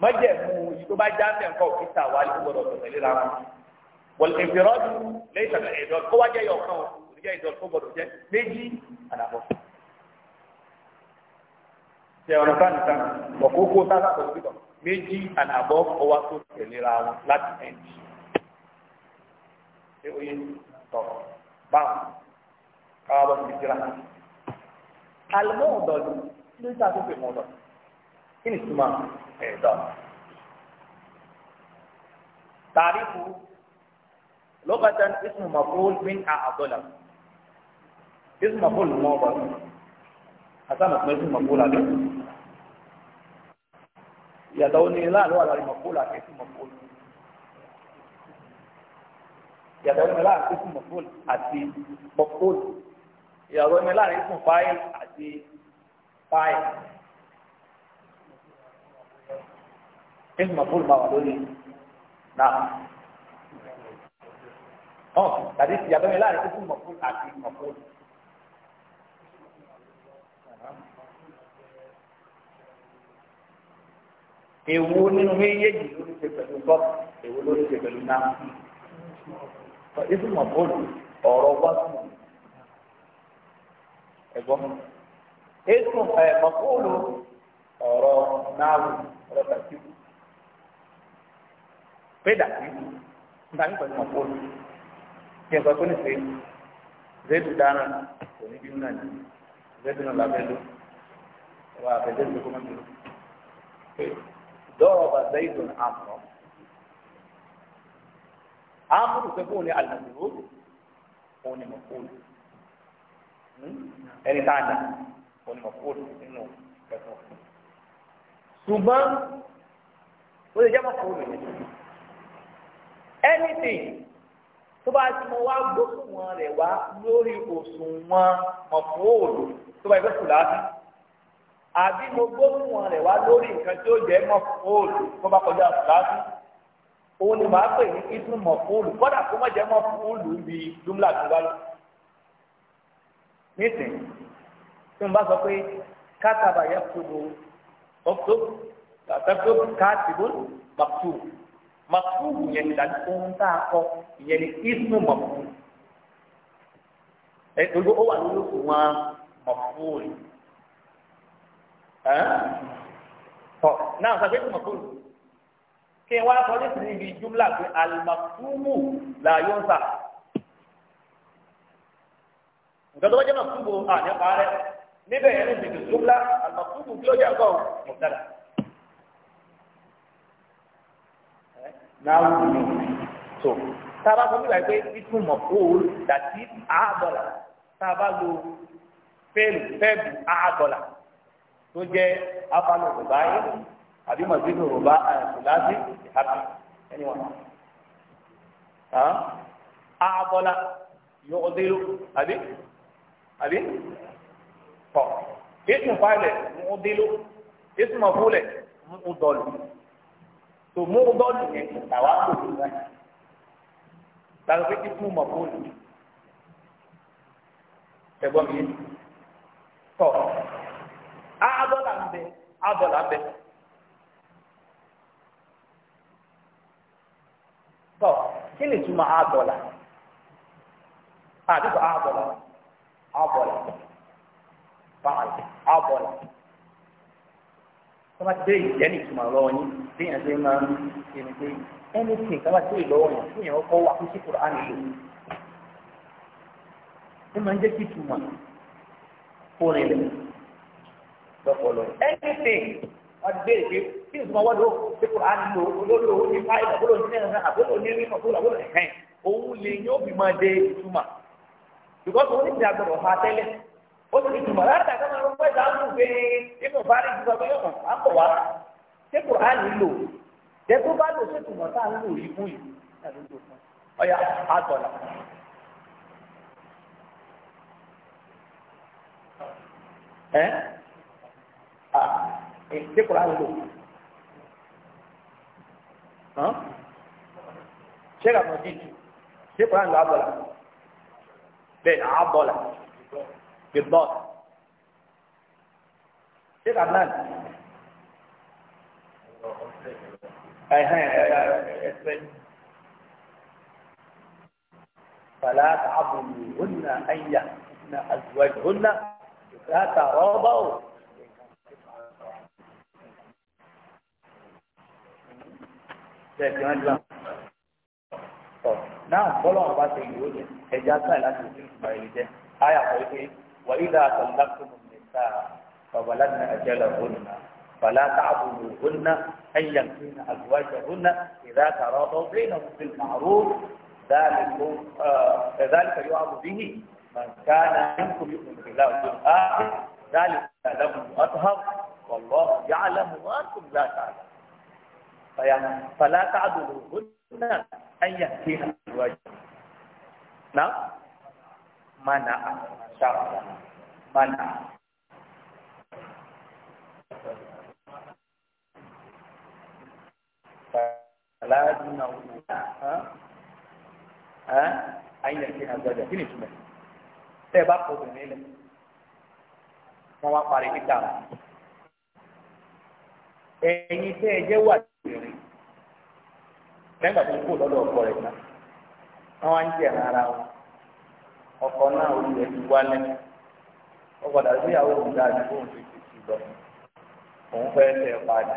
mọ́jẹ̀mú ìtọ́bájá mẹ́ńkọ́ kí tàwáyé gbọ́dọ̀ tẹ̀lé ra wọn wọ̀lẹ̀fẹ̀rọ́dù lẹ́yìn tàbí ẹ̀dọ́ kó wá jẹ́ yọ kan o kò jẹ́ ìdọ̀ tó gbọdọ̀ jẹ́ méjì àdàbọ̀. ṣe ọ̀nà sáà nìkan ọ̀kókó sáà tó gbìdọ̀ méjì àdàbọ̀ ọwá tó tẹ̀léra wọn láti ẹ̀ǹdì. ṣé oyè tọ̀ báwọn káwá bọ́ síbi jìrà. àlùmọ́ ọ̀dọ́ ni kí ló ń sá tó fè mọ́ ọ̀dọ́ kí ni túmọ̀ ẹ̀dọ́ tàrífù لغة اسم مفعول من أعضلة اسم مفعول موضع حسنا اسم اسم مفعول عليه يدعوني لا لا على المفعول عليه اسم مفعول يدعوني لا اسم مفعول أتي مفعول يدعوني لا اسم فاعل أتي فاعل اسم مفعول ما نعم hàn tàbí ti yàtọ̀ yẹn láàrin tó fún mọ̀fún àti mọ̀fún. èwo nínú méjèèjì ló ń ṣe pẹ̀lú bọ́ èwo ló ń ṣe pẹ̀lú náà ìfún mọ̀fún ọ̀rọ̀ wá sí ẹ̀gbọ́n ìfún mọ̀fún ọ̀rọ̀ náà ọ̀rọ̀ tàbí pé dàbí nígbà nípa ìmọ̀fún kí ẹ sọ pé nìfẹ́ zéèdù dáná kò ní bínú náà ní zéèdù náà làbẹ́ ló wà á fẹ́ zéèdù kó má bínú. dọ́ọ̀ bá zéèdù àmọ́ àmọ́ pé kóun ní àlùfò òun ni mọ̀kóòlù hmm? ẹni tá a dà òun ni mọ̀kóòlù nínú ẹ̀kọ́. ṣùgbọ́n ó lè jẹ́ mọ̀kóòlù yẹn anything tó bá ti mọ wá gbósùnwọ̀n rẹ̀ wá lórí òṣùwọ̀n mọ̀fóòlù tó bá yẹ kó láti àbí mo gbósùnwọ̀n rẹ̀ wá lórí nǹkan tí ó jẹ́ mọ̀fóòlù tó bá kọjá láti òun ni màá pè ní ìdún mọ̀fóòlù kọ́dà kó má jẹ́ mọ̀fóòlù bí júmùlà tó bá tí mo bá sọ pé kátàbà yẹ kúrò ọ̀tọ̀ kátìbó màkúrò màfúù yẹn dàbí ohun tá a kọ ìyẹn ni ismu màfúù ẹ gbogbo ó wà lórí òkú wọn màfúù rẹ ẹ tọ náà sàgbé tó màfúù kí wọn sọ ní sinmi bíi jumla pé alimafumu là yóò sà nǹkan tó bá jẹ́ màfúù bò à ní ọ̀pá rẹ níbẹ̀ yẹn ní bìbí jumla alimafumu kí ló jẹ́ àgọ́ mọ̀tàdà. náà so, mí so tába sọ wíwáyé pé ìtumọ̀ fóòl dàtí àádọ́là tába lo fẹ́ẹ̀lù fẹ́ẹ̀lù àádọ́là tó jẹ́ afalo rọ̀bá yìí àbí mọ̀sídò rọ̀bá àyàtúláṣí àbí ẹni wọn. àádọ́là yóò dérò àbí àbí tọ̀ ìtumọ̀ fáìlẹ̀ ń dérò ìtumọ̀ fúlẹ̀ ń dọ̀lù. tó mú yẹn làwa kò tó wá tàbí kíkú mọ̀ bọ́ọ̀lù ẹ̀gbọ́n mi tọ̀ abọ́là ń bẹ abọ́là ń bẹ tọ̀ kí ni túmọ̀ abọ́là àdìgbò abọ́là abọ́là báyìí abọ́là. tọ́ba ti bẹ́ẹ̀ ìjẹ́ ní ìtumọ̀ lọ́wọ́ yín bíyàn ṣe máa ń ṣe ni pé anything tọ́ba ti bẹ́ẹ̀ lọ́wọ́ yẹn bíyàn ọkọ̀ wà fún síkùrọ̀ á nílò. ó máa ń jẹ́ kí ìtumọ̀ kó rinlẹ̀ lọ́pọ̀lọ́ anything wọ́n ti bẹ́ẹ̀ pé kí ìtumọ̀ wọ́n lò síkùrọ̀ á nílò olóòlò ní fáìlì àbúrò ní ẹ̀rọ àbúrò ní rí àbúrò àbúrò ẹ̀hẹ́n òun lè yóò fi máa de ìtumọ̀ because òun ó ti tùmọ̀ látà ká máa ń pẹ́ sáàmù pé inú bari ti sọ pé yóò kàn á kọ̀ wá ṣé kò á lè lò jẹ́ tó bá lò ṣé tùmọ̀ tá à ń lò yìí fún yìí ọyà àtọ̀là. ẹ à ṣé kò á lè ṣé kò á lè ṣé kò á lè àbọ̀là bẹ́ẹ̀ àbọ̀là. بالضاد شيخ عدنان فلا تعبدوهن أن يأتين أزواجهن لا تراضوا náà bọ́lọ̀ ọba ṣe ìwé ẹja sáì láti ojú ìgbà ìlú jẹ́ àyà pẹ̀lú pé وإذا طلقتم النساء فبلغن أجلهن فلا تعبدوهن أن يمكن أزواجهن إذا تراضوا بينهم بالمعروف ذلك آه، كذلك يعظ به من كان منكم يؤمن بالله واليوم الآخر ذلك لهم أطهر والله يعلم وأنتم لا تعلمون فلا تعبدوهن أن يهتين أزواجهن نعم mana sawa mana fala mana ha ha aina kina zaja kini ko tó ń lọ́dọ̀ rẹ̀ náà wọ́n ọkọ náà ó yẹ kí wálẹ̀ ó padà sí ìyàwó òun dáa ju bóun fi ti ti lọ òun fẹ́ tẹ̀ padà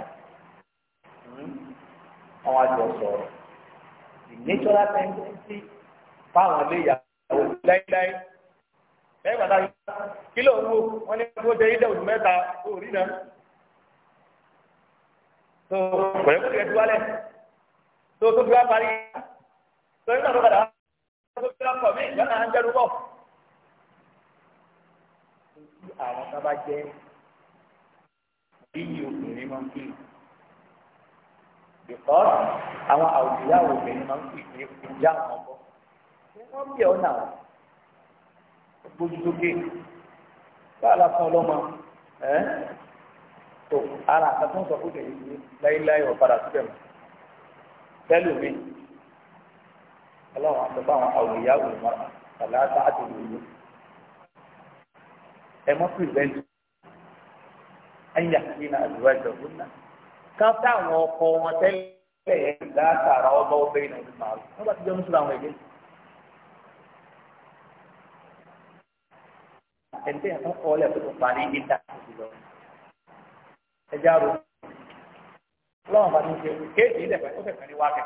àwọn hmm? àjọ sọ̀rọ̀ ìníṣọ́lá tẹ́ńtẹ́ńtì fáwọn ilé ìyàwó láíláí lẹ́yìn pàtàkì kí ló ń wo wọ́n ní kó jẹ́ ilé oṣù mẹ́ta tó rí náà tó pẹ̀lú kò tiẹ̀ ti wálẹ̀ tó tó fi wá parí tó nígbà tó padà tó fi ọkọ̀ mi ìjọba náà ń dẹrù bọ̀. Tí àwọn kan bá jẹ́ yíyí obìnrin máa ń kí i. Bìkọ́ àwọn àwùjọ obìnrin máa ń kí i ìjà àwọn ọkọ. Ṣé wọ́n bí ọ náà? Gbójú sókè. Báà la ọlọ́mọ ẹ́ tó ara àtàkùn sọ fún tèmi láéláé ọ̀padà síbẹ̀ mọ́. Tẹ́lẹ̀ mi ọlọ́run àtọ́fà àwọn àwòyá òmùmọ́ tàlá sáàtì lòlú ẹ mọ́ pìrìvẹ́ntì ẹ̀yà kí ní àdúrà ìjọ̀gbọ́n náà káfíńtà àwọn ọkọ wọn tẹ́lẹ̀ ẹ̀ látara ọgbọ́ bẹ́ẹ̀ náà ti máa rú nígbà tí jọ́nù sùn àwọn ẹ̀gẹ́ ẹ̀ńtẹ́ yẹn kọ́ ọ́ lẹ̀ tó parí ìta ìlọ ẹ̀já ro ọlọ́run bá ti ṣe kéèké ilẹ̀ pẹ̀lú ọ̀fẹ́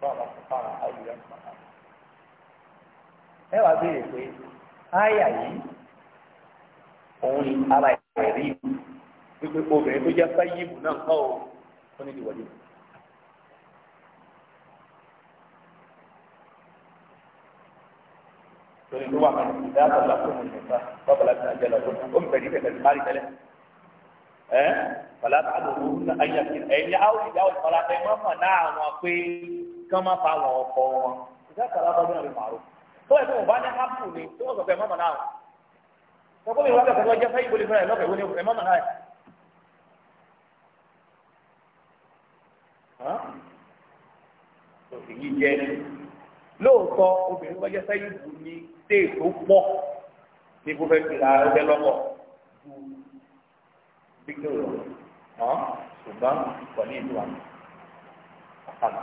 báwa kò fara ayé rẹ̀ mọ́ náà. ẹ wá béèrè pé áyà yìí òun ni ara ẹ̀rí wípé obìnrin tó jẹ́ fáyìmù náà kọ́ ọ ó ní ìwọlé. lórí tó wà pẹ̀lú ìdáàbò lásìkò nípa bábàlá tí a jẹ lọ ó ń bẹ ní kẹ̀kẹ́ ìmárì tẹ́lẹ̀ ẹ fàlà àdó òun náà ayé àti ẹ̀yìn àwọn ìdáwọ̀ ìfọlá ẹ náà àwọn pé kán má pa àwọn ọkọ wọn ìjà kàrà bá bẹ́ẹ̀ lè màrú tó ẹ̀ tó wọn bá ní hápù ni tó wọn sọ pé mọ́mọ́ náà tọ́kọ́ mi wá bẹ̀ fẹ́ jẹ́ fẹ́ ìbòlè fún ẹ̀ lọ́kẹ̀wé ni ẹ̀ mọ́mọ́ náà èyí jẹ́ lóòótọ́ obìnrin wọ́n jẹ́ bù ní téè tó pọ̀ ní kó fẹ́ fi ra ẹgbẹ́ lọ́kọ̀ ju bíkẹ́ òun ṣùgbọ́n kò ní ìlú àná àkàlà.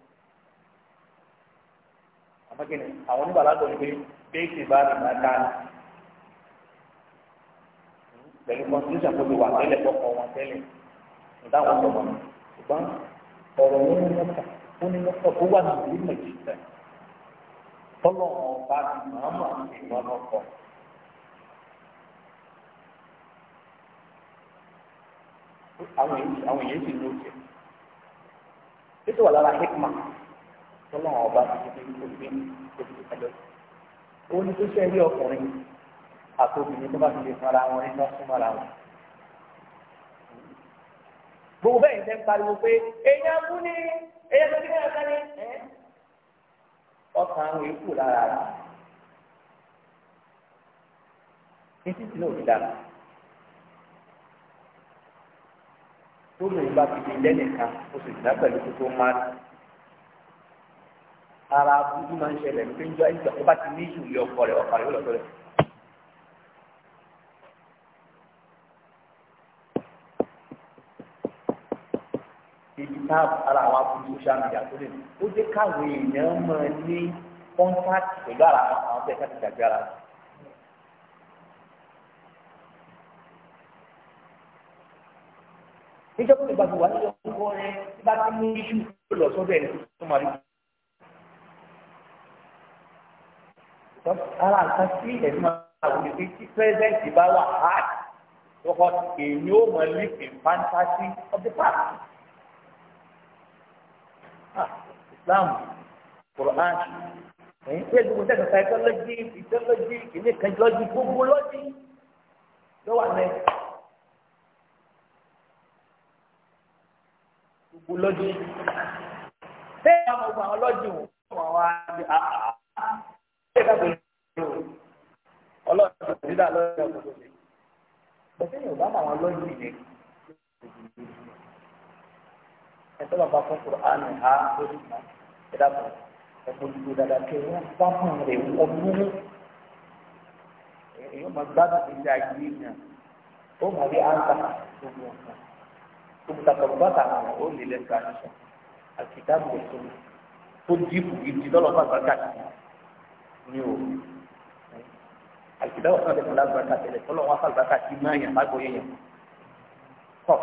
àmọ́kìnì àwọn oníbàlágọ̀ ni pé péèkì bá mi máa dáná pẹ̀lú constitution tó ti wà tẹ́lẹ̀ fọkọ̀ wọn tẹ́lẹ̀ ìdáhùn sọ̀rọ̀ ṣùgbọ́n ọ̀rọ̀ wọn ní mọ́tà wọn ní mọ́tà tó wà ní ìlú nàìjíríà tọ́lọ̀ wọn bá ti máa mọ̀ ìwọ lọ́kọ̀. àwọn èyí sì ló jẹ ètò wà lára hikma tọ́lọ́wọ́n ọba ti fi kó gbé kó fi kalẹ̀. ó ní tó ṣe rí ọkùnrin àti obìnrin tó bá ti lè fara wọn nígbà súnmọ́ ara wọn. gbogbo bẹ́ẹ̀ ní sẹ́ń pariwo pé èèyàn kú ni èèyàn tó ti fẹ́ ọ̀sán ni. ọkàn àwọn èèkù lára rà ní títí náà ti dára. tó lóun bá ti di lẹ́nìkan oṣù ìdá pẹ̀lú tó tó máa ara dúdú máa ń ṣẹlẹ̀ ní péjọ ìgbà tó bá ti ní ìṣòlè ọkọ rẹ̀ ọkọ rẹ̀ ó lọ́tọ̀ rẹ̀. ibi táàbù ara àwọn abúlé social media tó lè ó jẹ́ káwọn èèyàn máa ní kọ́ńtáàtì pẹ̀lú ara àwọn bẹ́ẹ̀ káàtì gbàgbé ara wọn. ìgbàgbọ́ wà ní ọkọ̀ rẹ̀ bá ti ní iṣu lọ sọ́dọ̀ ẹ̀ tó máa rí ara nǹkan tí ẹ̀sìn máa wù ní pé tí pẹ́sẹ́ǹtì bá wà hard lọ́kọ́ èyí ó mọ live fantasy of the past. Ah, Islam Quran èyí pé gbogbo tẹ̀sán psychology physiology kìíní kan lọ́jì gbogbo lọ́jì ló wà ní. Gbogbo lọ́jì. Bẹ́ẹ̀ ni àwọn ọmọ ọlọ́jì wò wọ́n wá ní àhà. Ah, ah, ọlọ́run ti dá lọ́yọ̀ ọ̀gbọ̀n bẹ̀sẹ̀ yóò bá àwọn lọ́yọ̀ ìlẹ̀ ẹ̀sẹ̀ bàbá fún kùránì ha lórí ìgbà ẹ̀dá kan ẹ̀kọ́ ìlú dáadáa kí wọ́n bá fún rẹ̀ ọdún èyí máa gbádùn ìdí ayé yẹn ó máa rí áńkà gbogbo nǹkan olùtàkọ̀rọ̀ bàtà àwọn ó lè lẹ́sẹ̀ àṣà àti ìdáàbò ìṣòro tó dìbò ìdí lọ́lọ́ ní òòrùn àìsíbẹ́ ọ̀sán lè fún lágbàtà tẹ̀lé tọ́lọ́ wọn fàlùbákà tí máa yàn má gbóyè yàn kọ́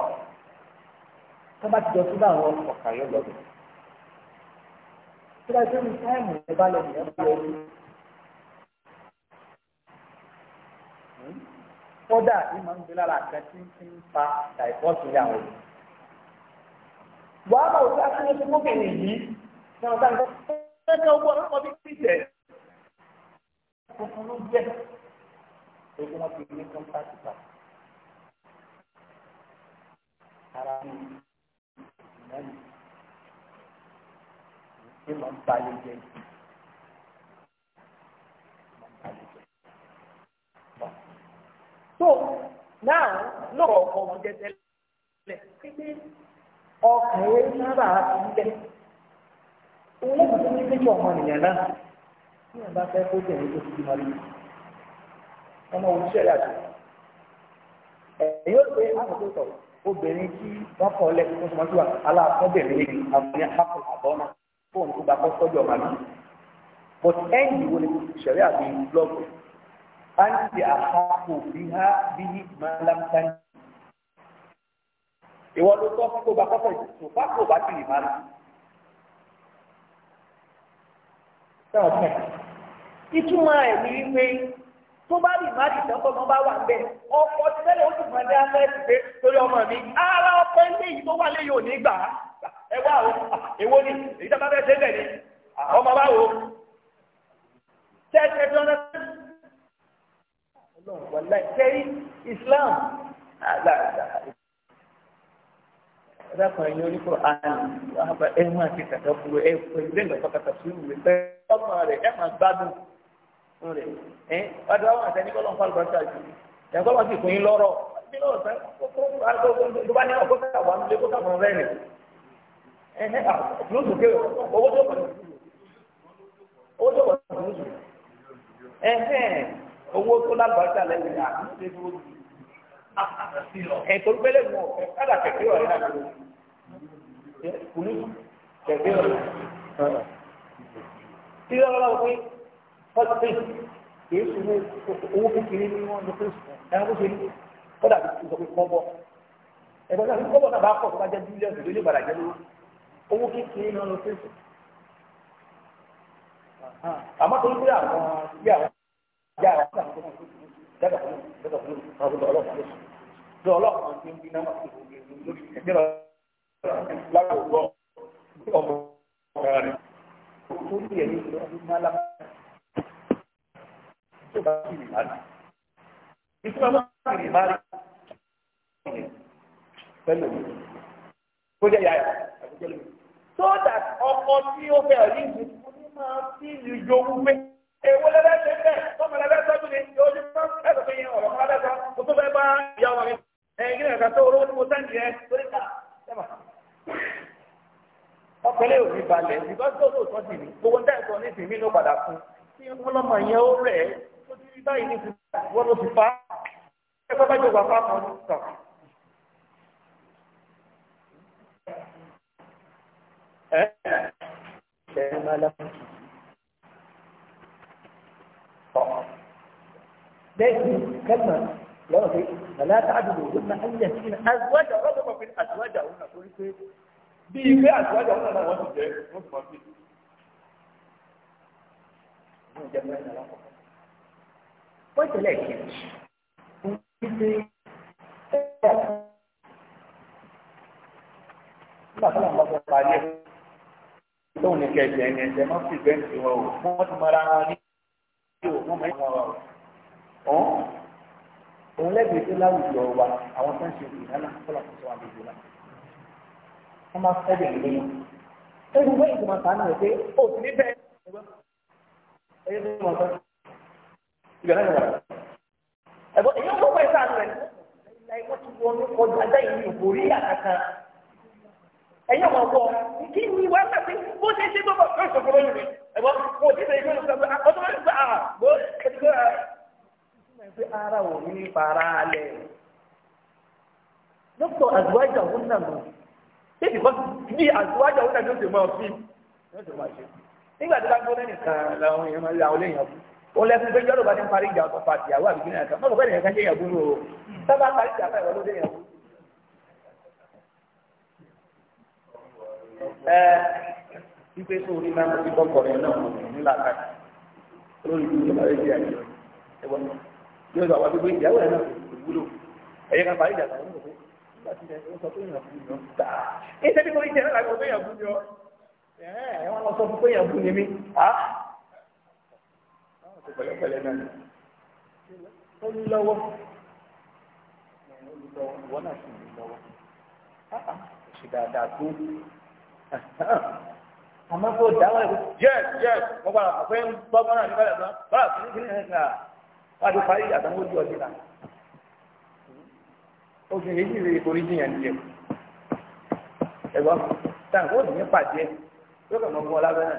tó bá ti jọ síbẹ̀ àwọn ọ̀kà yóò lọ bẹ̀. tó bá jẹ́ mi táìmù ẹ̀ bá lọ bìyàn bá lọ́wọ́ kódà ní máa ń gbé lára àkàn tí ń ń fa dàìpọ́ọ̀sì ní àwọn òbí. wàá òṣèlú akínyẹ́sí gómìnà náà sáà ń gbọ́ kẹ́kẹ́ owó ọlọ́mọbí ti jẹ́ tuntun ló jẹ́ pé wọ́n ti ní kọ́ńtàkì pa. ara mi ìnáyì ṣé máa ń balẹ̀ jẹ́ máa ń balẹ̀ jẹ́. so now lọ́wọ́ ọkọ̀ wọn jẹ́ tẹ́lẹ̀ pé ọkàn yẹn sábà ń bẹ̀. Owó kò ní pẹ́jọ ọmọ nìyẹn náà ń bá fẹ́ kó tẹ̀lé tó fi mọ́lé ọmọ òṣìṣẹ́ yàtọ̀ ẹ̀yìn ó pé àkókò obìnrin tí wọ́n kọ́ lẹ́kọ̀ọ́ tó sọmọ́ sí wa aláàkọ́bìnrin ni àwọn akọ̀ àbọ̀nà fóònù tó gba kọ́ sọ́jú ọ̀ma náà but ẹ̀yìn wo ni ṣẹ̀rí àbí blọ́ọ̀gù á ń ti àkàkò bí há bí máa lámúta ní. ìwọ ló tọ́ fún kó gba kọ́sọ̀ ìṣòfà kó bá tìlì máa lọ ìtumọ̀ ẹ̀ ní wípé tó bá rí ìmáàdì ìdánkọ́ ọmọ bá wà ń bẹ̀ ọkọ̀ tẹ́lẹ̀ ó sì máa dé afẹ́ẹ̀tì pé torí ọmọ mi ara ọkọ̀ ilé yìí tó wà léyìn òní gbà á ẹ wá o èwo ni èyí dábàá bẹ́ẹ̀ tẹ́lẹ̀ ni ọmọ bá wo tẹ́tẹ́ tó ń rẹ́ ọlọ́run wọlé kẹ́rí Islam dákun ẹ̀yin oníkó àná ẹ̀ máa ti kàtà fúru ẹ̀ pẹ̀lú ẹ̀ lọ́kọ̀ kàtà fúru rẹ̀ ọmọ rẹ̀ ẹ̀ máa gbádùn fún rẹ̀ ẹ wájú àwọn àtẹni kọ́ ló ń fa àlùbáṣà jù ẹ̀ kọ́ ló sì fún yín lọ́rọ̀ bí lọ́rọ̀ sẹ́ kó bá ní ọkọ̀ sẹ́ta wà nílé kó sà fún rẹ̀ nì lóṣù ké owó tó pọ̀ owó tó pọ̀ lóṣù owó tó lálùbáṣà lẹ́yìn àti ẹ̀ torí pẹ́lẹ́ mọ̀ ẹ̀ kádà náà kùnú kẹ̀kẹ́ ọ̀rẹ́ tí pé fọ́tí kìí ṣubú owó kékeré ní wọ́n lọ fún ìṣùn ẹ̀rọ bó ṣe rí kọ́dà bí kò sọ pé kọ́bọ̀ ẹ̀gbọ́n náà kọ́bọ̀ náà bá pọ̀ tó bá jẹ́ bílíọ̀nù ló lè padà jẹ́ lówó owó kékeré ní wọ́n lọ fún ìṣùn. àmọ́ torí pé àwọn bí àwọn ìyá àwọn ọ̀sán tó kàn fún ìṣùn dẹ́gbàá bákìrì márì ìtura bákìrì márì pẹ̀lú kó jẹ́ yàrá àkójọ so that ọkọ tí ó fẹ́ rí ìlú ní máa fi ìlú yòówù pé èwo lẹ́lẹ́ ṣe bẹ́ẹ̀ tọ́mọ lẹ́lẹ́ sọ́jú ni yóò ṣe fún ẹ̀sọ́ fi yin ọ̀rọ̀ kọ́lá lẹ́sọ́ mo tún fẹ́ bá ìyá ọmọ mi ẹ̀yìn kí ni ẹ̀ka tó olówó tí mo sẹ́ǹdì yẹn lórí ká sẹ́mà ọkọlẹ tó tó sí mi gbogbo ń dá ẹ̀sọ́ ní ìsinmi ló padà fún tí wọ́n lọ́mọ yẹn ó rẹ̀ báyìí ní wọ́n ló fi fa ẹgbẹ́ bá jọ wà fún àwọn ọmọ لكن كلمة لو فلا تعدلوا ثم أن يكون أزواج رغبة في الأزواج هنا قلت بيبيع أزواج هنا ما فيه pẹ̀lẹ́ kejì wípé ẹ̀rọ nígbà tó làwọn ọmọ parí ẹ̀ lóun ní kẹjẹ ẹni ẹ̀jẹ̀ máa fi bẹ́ǹtì wọn o wọ́n ti mara wọn ní ìlú wọn máa ń wọn wọn o òun lẹ́gbẹ̀ẹ́ tó láwùjọ wa àwọn tó ń ṣe ìdáná kọ́lá tó sọ wà lójú náà wọ́n máa fẹ́ bẹ̀rẹ̀ lónìí ẹ̀rù wẹ́ẹ̀dì máa tàn án pé ó ti ní bẹ́ẹ̀ ẹ̀rù wẹ́ẹ̀dì máa ibẹ̀ náà wà. ẹ̀bọ̀n èyí ló wọ ẹ̀sán rẹ̀ ní wọ́n ti wọ́n kọjú ajá yìí ní òbórí àkàkà. ẹ̀yin ọmọ ọkọ kí ni wọ́n fẹ́ pé bó ṣe ṣe gbọ́dọ̀ fẹ́ sọ̀kọ́ lóyún mi ẹ̀bọ̀n kò tí ì ọdún mẹ́rin gbà á bó kẹ́tìkọ́ ara ò ní fara alẹ̀. lọ́pọ̀ àzúwájà òun náà mọ̀ tẹ́tì kọ́ bí àzúwájà fi nígbà làwọn èèyàn máa ó lẹ́sìn pé jọ́dọ̀ bá ti ń parí ìjà ọ̀tọ̀ pàtì àwọn àbíkí náà kan mọ̀lùkọ́ ènìyàn kan ṣe yẹ̀bú o sábà parí ìjà fẹ́ ìwọ́lódé yẹn wú. ẹ ipe tó rí máa ń fi kọ́kọ́ rẹ̀ náà nílà káyì lórí ìlú ìjọba rẹ̀ di àjọ ẹ̀wọ̀n yóò sọ àwọn àbíkí ìyàwó rẹ̀ náà kò wúlò ẹ̀yẹ kan parí ìjà kan wọ́n sọ pé ìyàwó rẹ̀ ń sọ pẹ̀lẹ́pẹ̀lẹ́ náà ó ní lọ́wọ́ ìwọ náà sì ní lọ́wọ́ ṣe dáadáa tó àmọ́ kó dáwọ́ ẹ̀ yẹ́s yẹ́s mo gbàdọ̀ àpé ń gbọ́ mọ́ra ní bàdà náà bá àfihàn kí ní ẹ̀ ká wàá di parí àtàwọn ojú ọdún náà oṣù yìí yìí rèé orí jìyàn jẹ ẹ̀gbọ́n táwọn kò ní pàdé yóò kàn mọ́ fún ọ náà.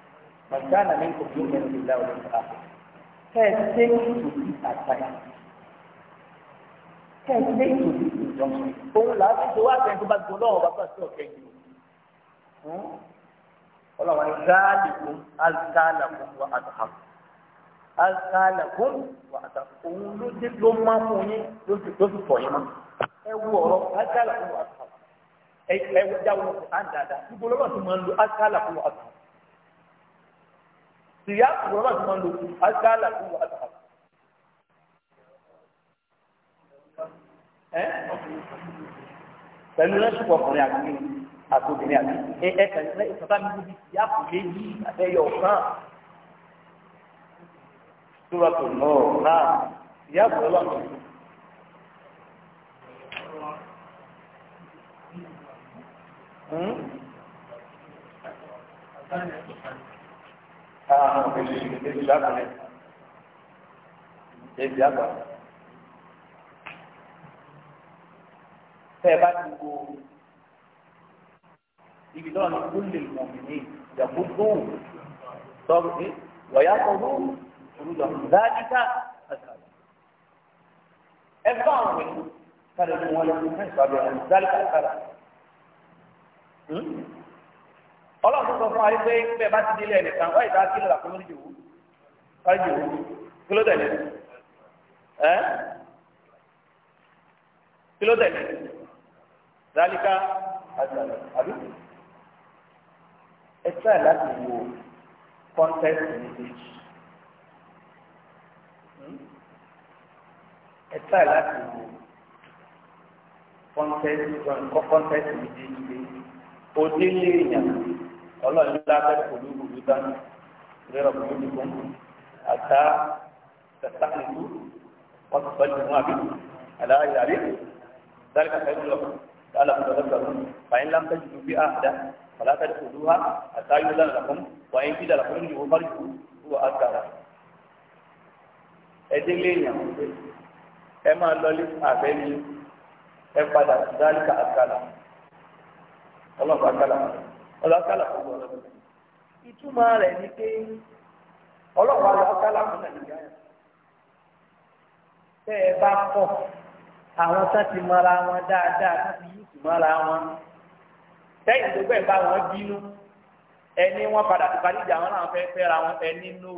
من كان منكم يؤمن بالله واليوم الآخر كيف advice kẹ́hìndé ìtòsí ìjọba òun là á fi ṣe wá àtẹ̀yìn tó bá gbọ́ lọ́wọ́ bá bá sí ọ̀kẹ́ yìí o ọlọ́wọ́ ni gáàlìkún azkálàkún wa àtàkùn azkálàkún wa àtàkùn òun ló dé ló máa mú yín ló fi tọ̀ yín mọ́ ẹ wú ọ̀rọ̀ azkálàkún wa àtàkùn ẹ ẹ jáwọ́ àdáadáa ibo lọ́wọ́ ti máa ń lo azkálàkún wa àtàkùn ìyá àkùrọ̀ náà ti máa ń lo agbára fún wa àgbà. pẹ̀lú lẹ́sùpọ̀ ọkùnrin àgbẹ̀ àtòbìnrin àgbẹ̀ ẹ kàn ní ìfọ̀tà mi níbi ìyá àkùrọ̀ èyí àtẹ̀yọ̀ kan. Súra tó lọ náà ìyá àkùrọ̀ wà lọ́wọ́. Hmm? kára àwọn òbí èdè lágbàlẹ̀ èdè àgbàlẹ̀. tẹ́ ẹ bá ti wo ibi náà ní kúlè mọ̀mìnì ìjàmbó tó tọ́rù ní wọ̀yá kan ló rú lọ dáadíkà ẹ bá àwọn ènìyàn kára ní wọn lọ sí fún ìpàdé àwọn dáadíkà kára ọlọ́run sọ fún wa pé bẹ́ẹ̀ bá ti délé ẹnìkan wáyé dá kí ló là kúló jù wú wáyé jù wú kí ló tẹ̀lé ẹ́ kí ló tẹ̀lé dálíkà àgbàlẹ̀ àbí ẹ sáà láti wo kọ́ńtẹ́ẹ̀tì méjèèjì hmm? ẹ sáà láti wo kọ́ńtẹ́ẹ̀tì méjèèjì òdélé èèyàn ọlọ́run ńlá fẹ́ kò lóru ló dáná rírọ̀ kò lóru fún àtà tẹ̀sán nìkú wọ́n ti sọ́jú fún àbí àlàyé àbí sáré kàkẹ́ lọ kálá fún ọ̀dọ́ sọ̀rọ̀ fàyín ńlá fẹ́ jù bí àdá fàlá fẹ́ kò lóha àtà yóò dáná lọ́kùn wàyín kí dàlà fún ìwọ fárí ju wọ àkàrà. ẹ délé ẹ máa lọlé àbẹ́ ni ẹ padà sáré kàkàrà ọlọ́run àkàrà ọlọ́kàlà fún wọn lọ́dún. ìtumọ̀ rẹ̀ ni pé ọlọ́pàá ọlọ́kàlà fún nàìjíríà tẹ́ ẹ bá pọ̀ àwọn tá ti mara wọn dáadáa tá ti yí mara wọn tẹ́yìn tó bẹ́ẹ̀ bá wọn bínú ẹni wọn padà tó parí ìjà wọn náà fẹ́ fẹ́ ra wọn ẹni nù.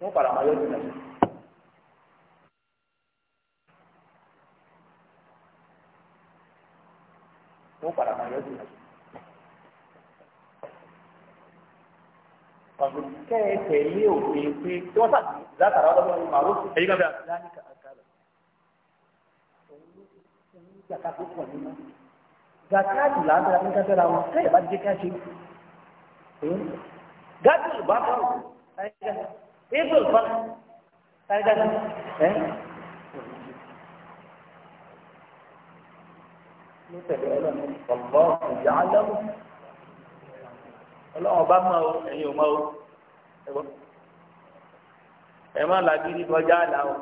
wọ́n padà máa yọ ìdílé. kẹ́ ẹ tẹ̀lé òfin pé tí wọ́n sàkóso látara ọlọ́run ní màrú ẹ̀yìn kan bẹ́ẹ̀ láníkà àkàrà òun ló jàkà tó pọ̀ nínú gàkáàdì làádọ́ra ní kájọ́ra wọn kẹ́yẹ̀ bá jẹ́ káṣe gàdùn bá bọ̀ ẹ̀ẹ́dẹ́gbẹ̀rún ẹ̀ẹ́dẹ́gbẹ̀rún ló tẹ̀lé ọlọ́run ọ̀gbọ́n ìyá aláwọ̀ ọlọ́run ọba máa o ẹ̀yin ò máa o ẹ̀gbọ́n ẹ̀ má làgídí kọjá àlà o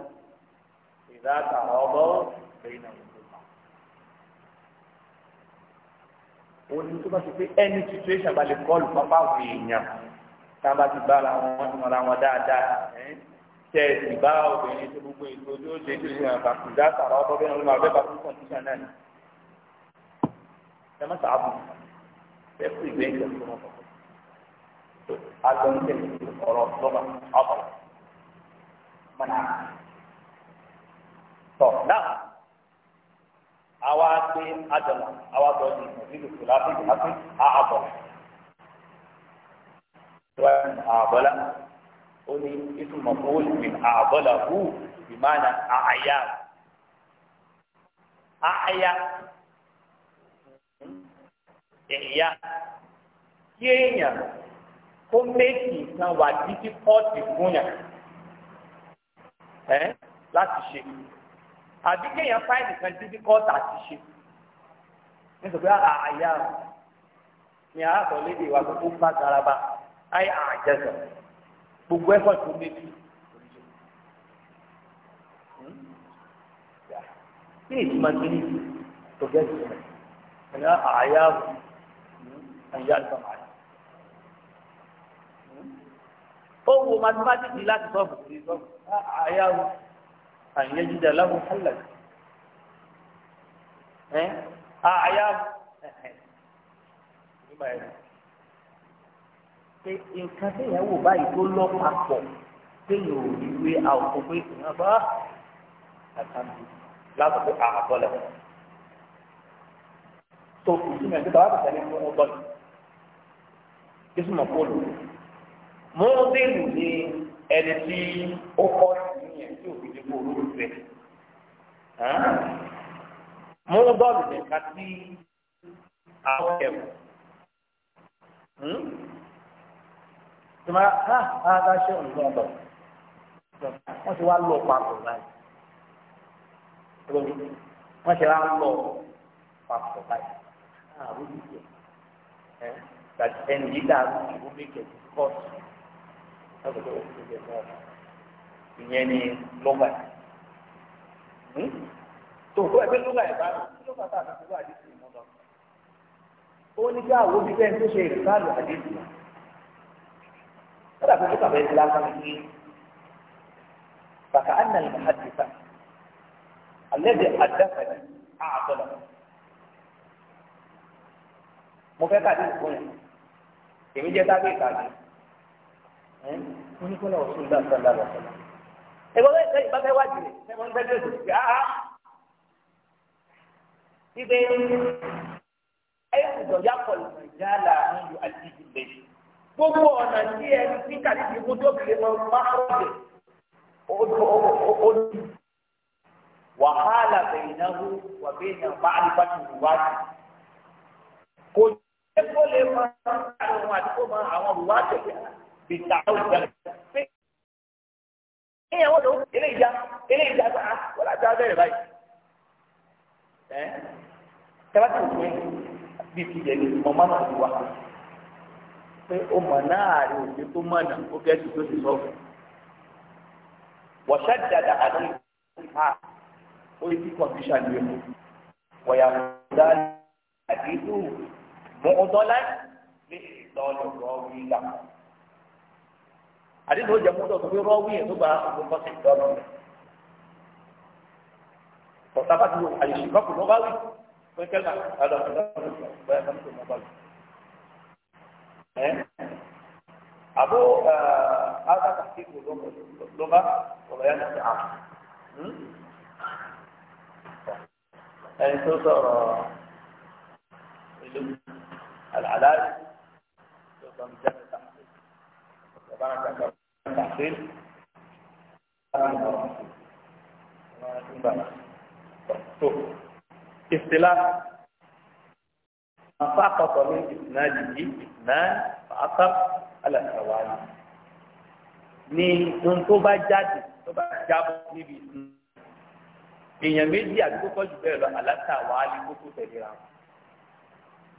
ìdá àtàwọn ọmọ ẹ̀yin náà o ní tó bá ti pé ẹni situation bá lè kọ́ọ̀lù pápá àwọn èèyàn tá a bá ti bára wọn ti mọ̀ra wọn dáadáa tẹ ìbá obìnrin tó gbogbo ìgbòho tó ṣe é tó ṣe àbàkù dá máa bẹ́ẹ̀ bá fún kọ̀ǹtíṣàn náà ẹ má sàá bù ẹ kú ìwé ìjọ tó wọn kọ àgbọn tẹ́lẹ̀ ọ̀rọ̀ lọba ọbọ mọnà tọ náà àwa gbé àjọlá àwa bọ ní ìlú fúláfí fúláfí àbọ àbọlá ó ní ìtumọ̀ fún olùmí àbọlá hù ìmánà àyà àyà ẹ̀yà kí èèyàn kó méjì nǹkan wà dídí pọ́ọ̀tì fún yàn ẹ́ láti ṣe àbí kéèyàn fáìlì kan dídí pọ́ọ̀tì àti ṣe nítorí àyà ah, ah, ni àásọ lédè wa tó bá garaba ayé àjẹsọ gbogbo ẹ̀fọ́ tó méjì. Hmm? Kí ni ìtumọ̀ kí ni? Tó gẹ́gẹ́ sọ̀rọ̀. Ẹ̀yà àyà wò ìyá ìtọ́ máa yẹ. ó wo mathematics láti sọ́ọ̀bù sí sọ́ọ̀bù ah, àyà o àyè jíjà láwọn fúnlẹ̀ ẹ̀ ah, àyà nígbà yẹn. pé nǹkan téèyàn wò báyìí tó lọ́ papọ̀ téèyàn ò ní wé àwòkọ́ pé ìyàn bá àtàndù láti àbọ̀lẹ̀ tó kù sí mẹ́tẹ́ta wá pẹ̀lú ọgbọ́n yìí ismu kóòlù mọ́tẹ́lù ni ẹni tí ó kọ́ ìyẹn tí òfin ní kó olólùfẹ́ mọ́tọ́lù nìkan tí àwọn ẹ̀rù tí wọ́n á á dá ṣé òun lọ́dọ̀ wọ́n ti wá lọ papọ̀ báyìí wọ́n ti wá lọ papọ̀ báyìí ah, that then leaders will make a cost. ìyẹn ni lọ́gbà yìí hmm? tó tó ẹgbẹ́ lọ́gbà yìí bá lọ́gbà tá a fi lọ́gbà yìí sí ìmọ̀ lọ. ó ní kí àwọn òbí bẹ́ẹ̀ tó ṣe ìrìnsàlù àdéhùn ó dàbí tó kàwé ti lásán ní bàtà ànà lè máa dì sá alẹ́ bẹ àdáfẹ́ àtọ̀lọ̀ mo fẹ́ ká àdéhùn èmi jẹ́ sábẹ́ ìkàgé mo ní kọ́lá ọ̀ṣun ìgbà sọ̀dá lọ sọ̀dá. ẹgbẹ́ wọn ṣe ìbá fẹ́ wádìí rẹ̀ ṣé wọ́n ń fẹ́ dé òṣèlú yàrá. ibẹ̀ ẹ̀yẹ́ ìjọ yà kọlù ìjàlá nínú àti ìjìnlẹ̀. gbogbo ọ̀nà tí ẹ ti kàdí ti mú tó kéré mọ́ mákàrọ̀dẹ̀ odi wàhálà bẹ̀yìnáwó wàbẹ̀yìnà bá àlùbáṣe ìwádìí kó lè mọ àwọn ohun àti kó mọ àwọn olùwà àtẹ̀lé bí tààrà ìgbàlẹ̀ pé ìyẹn wọ́n lò ó ilé ìjà ilé ìjà gbà wọ́n láti abẹ́rẹ́ báyìí. ẹ tẹ́lá tó pé bíi ti yẹn ni mo máa ma ti wá pé ó mọ̀ náà rí òde tó mọ̀ náà ó kẹ́sì tó ti sọ̀rọ̀ wọ́n ṣàdàdà àti ìhà ó yẹ kí kọ̀ǹpútà ní ẹ̀kọ́ wọ́n yà wọ́n dá àdéhùn mọ̀ọ́dọ́lá lè lọ lọ́wọ́ wí là. àdéhùn ó jẹ mọ́tò tó fi rọ́wí yẹn tó bá ọkọ̀ sí ìdọ́nà rẹ̀. ọ̀tá bá ti wọ àyèsí kọ́pù lọ́wọ́ wí pé kẹ́lá àlọ́ Abu eh, ada tahqiq lugah wa bayan al-arab. Hmm? Eh, itu soal ilmu العلاج التحصيل اختلاف ما سقط من اسناده اثنان فاثر على الثواني ni ohun tó bá jáde tó bá jábọ́ níbi ìsìn èèyàn méjì àti kókó jù bẹ́ẹ̀ lọ àlàtà wàá ní kókó tẹ̀léra wọn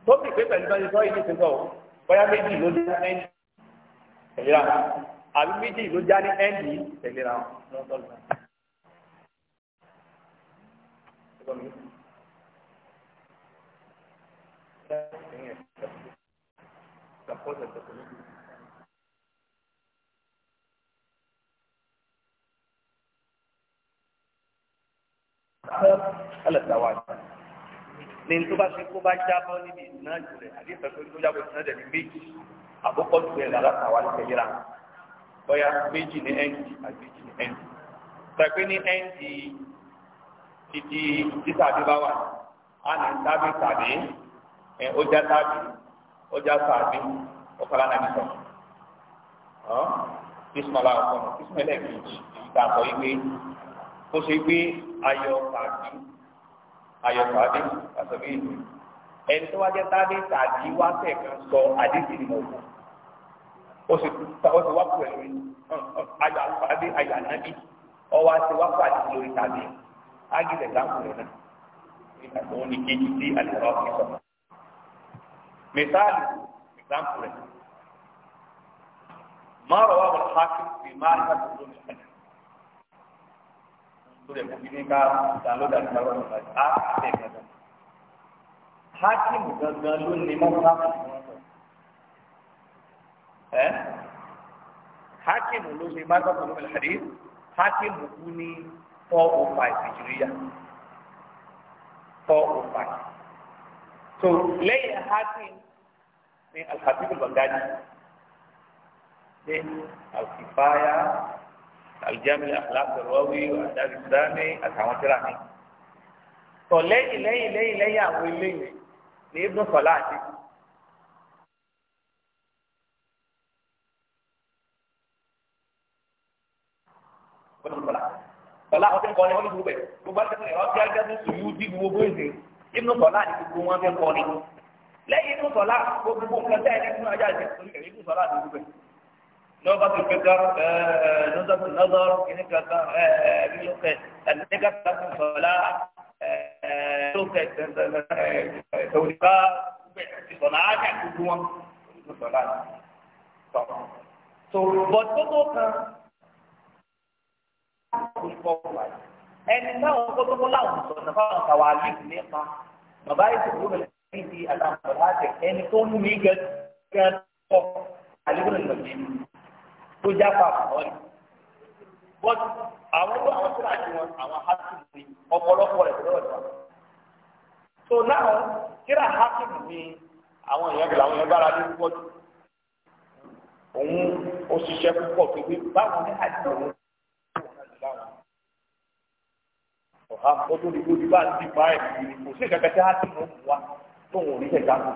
tó pé pẹ̀lú bá ti sọ ìdí ìsìnkọ́ bóyá méjì ló já ní ẹ́ndì tẹ̀léra àbí méjì ló já ní ẹ́ndì tẹ̀léra lọ́sọ̀lọ́sọ̀ ní tó bá ṣe kó bá jábọ́ níbi ìnájú rẹ̀ àbí ìfẹ́fẹ́ tó jábọ́ ìnájú rẹ̀ ní méjì àkókò tó yẹ lára àwa ní kẹyìrà bóyá méjì ní ẹ́ǹdì àti méjì ní ẹ́ǹdì pẹ̀pẹ́ ní ẹ́ǹdì títí títà bí bá wà á ní tábì tàbí ẹ̀ ọjà tábì ọjà tàbí ọ̀kọ́lá náà nìkan kísùmọ̀ lára ọ̀kọ́ kísùmọ̀ ẹlẹ́ẹ̀kejì ìgbà àkọ́ yìí pé kó ṣe pé ayọ̀ tàbí ayọ̀tọ̀ adé àtọ̀bí ìlú ẹni tó wá jẹ́ tádé tàbí wá tẹ̀ kan sọ àdéhìí ni mo kù ó sì ó sì wá pẹ̀lú ayọ̀ àfàdé ayọ̀ ànábì ọwọ́ àti wá pàdé lórí tàbí ágìlẹ̀ dákùnrin náà ìgbàgbọ́ ní kéjì sí àlùfáà fi sọ. mìsáàlì ìgbàmpù rẹ̀ máa rọ̀ wá wọ̀ hákì sí máa ń bá tó lómi tó lè kó kíní ká download àti bá wọn lọ á tẹ̀ gangan. hákìmù gangan ló ní mọ́sáàmù tí wọ́n sọ. ẹ́ hákìmù ló ní mọ́sáàmù ló ní hadith hákìmù kú ní four oh five nàìjíríà four oh five. so lẹ́yìn hákìmù ní alhàbíbù bàgádì ní alkifáyà alijami alaafẹ rọwi adari sani àtàwọn tíra mi tọ lẹ́yìn lẹ́yìn lẹ́yìn lẹ́yìn àwọn eléyìí ní ibùdó sọlá àti. sọlá ọtí nkọ ni wọn ní gbogbo ẹ gbogbo ẹsẹ fún yẹn ọtí ajáde sùúrù bí gbogbo ẹsẹ ibùdó sọlá àti gbogbo wọn fẹ́ kọ ni lẹ́yìn ibùdó sọlá gbogbo nǹkan tẹ ẹni fún ajáde sùúrù ibùdó sọlá àti gbogbo لغة الفكر نظرة النظر كنك بلوك النك صلاة بلوك توفيقا صلاة كدوم صلاة so but gbogbo kan kò sọ wà ẹni táwọn gbogbo láwọn sọ nípa àwọn kàwá yìí nípa bàbá yìí tó gbogbo ní ti àtàwọn ọ̀rọ̀ àti ẹni tó ń mú mi gẹ́gẹ́ kọ́ àlébùrẹ̀ lọ́jọ́ yìí. tó já pa àwọn ni but àwọn tó àwọn tíra ti wọn àwọn hasibu ni ọ̀pọ̀lọpọ̀ rẹ̀ lọ́wọ́ ìwà so now tíra hasibu ni àwọn èèyàn gbèrè àwọn èèyàn bára ní púpọ̀ jù òun ó ṣiṣẹ́ púpọ̀ tó gbé báwọn ní àdìsí òun ọ̀hán ó tó di gbójú bá ń dìbò kò sí ìkẹ́kẹ́ tí hasibu wà tóun ò ní ṣẹ̀dá fún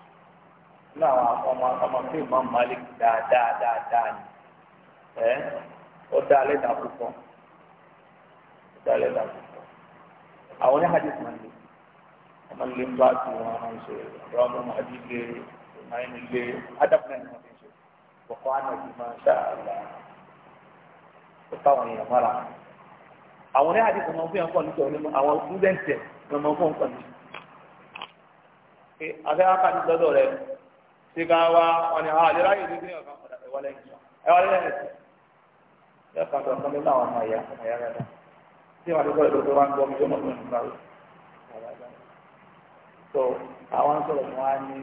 ní àwọn ọmọ ọmọ tí ìmọ̀ malik dáadáa dáadáa ni ẹ ó dá alẹ́ dà púpọ̀ ó dá alẹ́ dà púpọ̀ àwọn ní hadith ọmọ ilé ń bá wọn máa ń ṣe ọ̀rọ̀ ọmọ ọmọ ẹni ni wọ́n ti ń ṣe bọ̀kọ́ ànàbí máa ń ṣàlà ó táwọn èèyàn mọ́ra àwọn ní hadith máa ń fi nítorí àwọn ni lọ́dọ̀ tí ká wá wọn ni àwọn àlera yìí ní ọkàn padà ẹwà lẹ́yìn ẹwà lẹ́yìn ẹsẹ yóò kàn tó ọkàn nínú àwọn ọmọ ẹyà ọmọ ẹyà rẹ tí wọn àdúgbò ìdókòwò wa ń mi yóò mọ fún mi báwo so àwọn sọ̀rọ̀ wọn á ní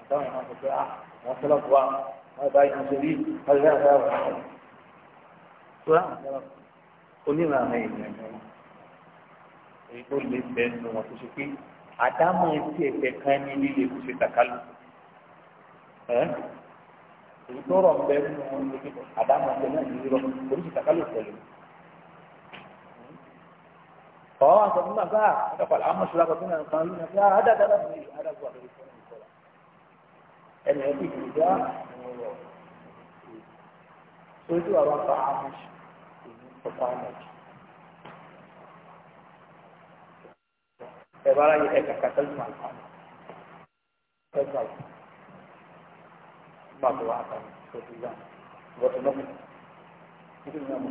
àtàwọn ìmọ̀ tó pé à wọn sọ̀rọ̀ fún wa wọn ah, bá yìí nítorí wọn lè fẹ́ wọn sọ̀rọ̀ tó láwọn sọ̀rọ̀ onílànà ènìyàn èyí tó lè bẹ́ẹ̀ nù wọn tó ṣe pé àdámọ̀ ẹtí ẹ̀fẹ̀ kan ní líle kó ṣe tàkálùkù ẹ́ èyí tó rọ̀ bẹ́ẹ̀ nínú wọn ní kíkọ àdámọ̀ ọ̀sẹ̀ náà ní rírọ̀ oríṣi kàkálù pẹ̀lú. ọ̀ àṣọ fún bàbá àkàpàlà àwọn mọ̀ṣúra kan tó náà kan lónìí àti àádáadáa fún ìlú àdágbò àbẹ̀rẹ̀ fún ìkọlà. ẹnì ẹ̀ fi ìgbà ìrọ̀ sójú àwọn fa àmọ̀ṣ ìlú ọ̀pá àmọ̀ṣ. ẹ̀ bára yẹ ẹ̀ kàkà tẹ́lifù àlùfáà tẹ́lifù àlùfáà pàtó àtà òtù gbà bọ́tù lọ́mù títí lọ́mù.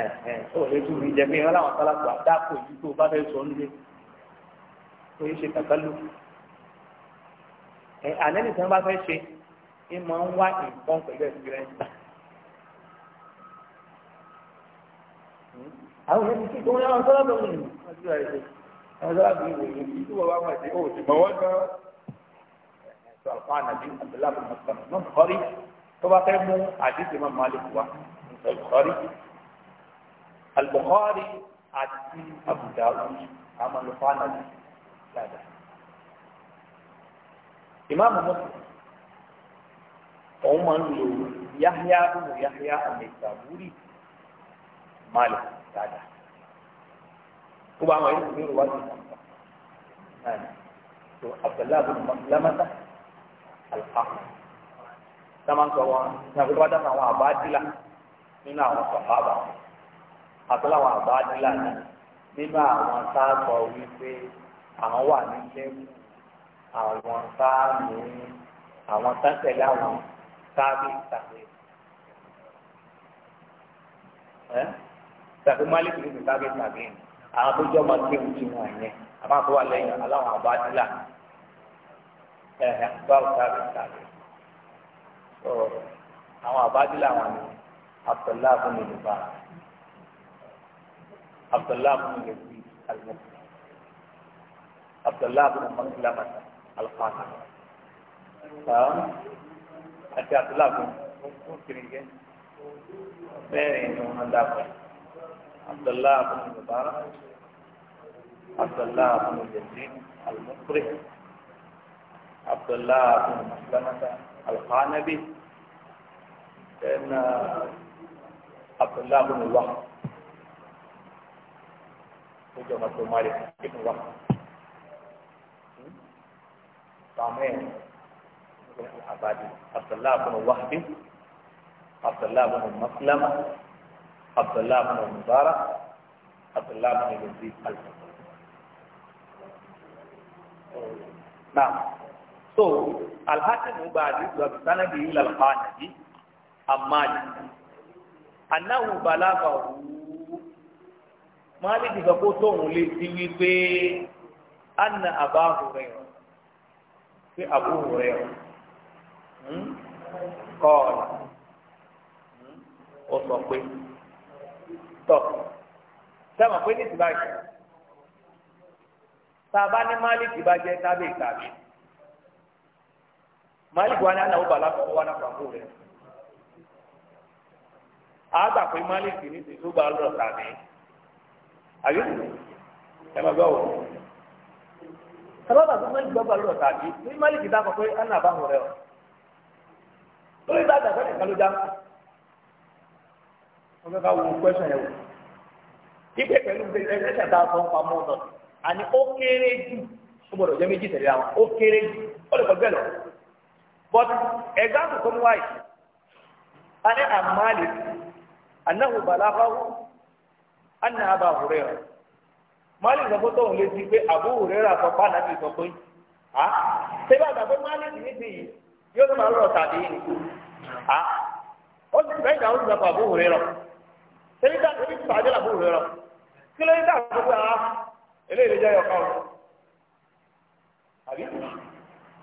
ẹ ẹ ó lè tún mi jẹ pé wọn làwọn sálàkù àdáàkò yìí tó bá fẹ́ sọ nílé ó yẹ ṣe kàkálù. ẹ àná ní sẹ́wọ́n bá fẹ́ ṣe é máa ń wá nǹkan pẹ̀lú ẹ̀sìrẹ́ǹsì. àwọn ẹni tí wọn làwọn sálàkù yìí wọn ti rà èdè àwọn sálàkù yìí wò ó ti bọ̀ wá pàdé ó ti bọ̀ wọ́n gan-an. سلطان عبد الله بن مسلم بن بخاري تواتر مو عزيز امام مالك هو طيب، البخاري البخاري عزيز ابو داود اما لطان عزيز لا امام مسلم عمر لو يحيى بن يحيى النيسابوري مالك لا كما ما يقول الله سبحانه وتعالى عبد الله بن مسلمه alhamdu sábà ń sọ wọn ní àkókò bá dáná àwọn àbádìlà nínú àwọn sọ̀hábà àtọ́lá àwọn àbádìlà ni nínú àwọn sáàsọ wípé àwọn wà ní lẹ́kùn àwọn sáàmù àwọn sáńtẹ̀lẹ̀ àwọn sáàbì ìtàgé ẹ́ tàbí malik ní ìtàgé tàgé àwọn tó jọ́ máa kéwù tí wọ́n yẹn àbá tó wà lẹ́yìn aláwọ̀ àbádìlà ni ẹ̀hẹ̀ gbáwò tàbí tàbí tó àwọn àbádìlà wọn ni abdullahi abu nìyíba abdullahi abu nìyíbi alimọ̀tò abdullahi abu nìyíba alifasa àti abdullahi abu nìyíba bẹ́ẹ̀ ni wọ́n dábọ̀ abdullahi abu nìyíba abdullahi abu nìyíbi alimọ̀tò. عبد الله بن مسلمة القانبي كان عبد الله بن الوهب وجمع مالك بن وهب طعمين العبادي عبد الله بن الوهب عبد الله بن مسلمة عبد الله بن المبارك عبد الله بن يزيد الفقر نعم so alhassan ba hadisi wa sanadi ila alhanabi amma annahu balaghahu malik sọ pé tóun lè ti wí pé anna abahu rẹ pé abuhu rẹ kọ́ọ̀lù ó sọ pé tọ́ sẹ́wọ̀n pé ní ti báyìí tá a bá ní malik bá jẹ́ tábìlì tàbí. Malik wa ni anáwó bàlá fún wa náà fàmú rẹ̀. a gbà pé Malik ní ti tó bá lọ tani? àbí ẹ e máa gbọ́ wò. sábàbà tó Malik gbọ́ bá lọ tàbí ní Malik dákọ̀ pé anáà bá wọ̀ rẹ̀ o. lórí bá dàgbẹ́ nìkan ló dá. wọ́n fẹ́ ká wo kwẹ́sàn yẹn wò. ipe pẹ̀lú ẹsẹ̀ e e tá a sọ ń pa mọ́ ọ̀dọ̀ ó kéré jù ó gbọ́dọ̀ jẹ́ méjì tẹ̀lé àwọn ó kéré jù ó lè kọ́ bẹ́ẹ̀ lọ but example tó ń wáyé a ní àmàlè annahu balaghahu anna aba hurera malik sọ pé tóun lè ti pé abu hurera sọ pé anabi sọ pé a ṣé bá gbàgbé malik níbi yìí yóò tó máa lọ tàbí ni a ó sì fẹ́ ìgbà ó sì sọ abu hurera ṣébi tá ṣébi tó àjọ abu hurera kí ló ń tà sọ pé a eléyìí lè jẹ́ ọ̀kan o àbí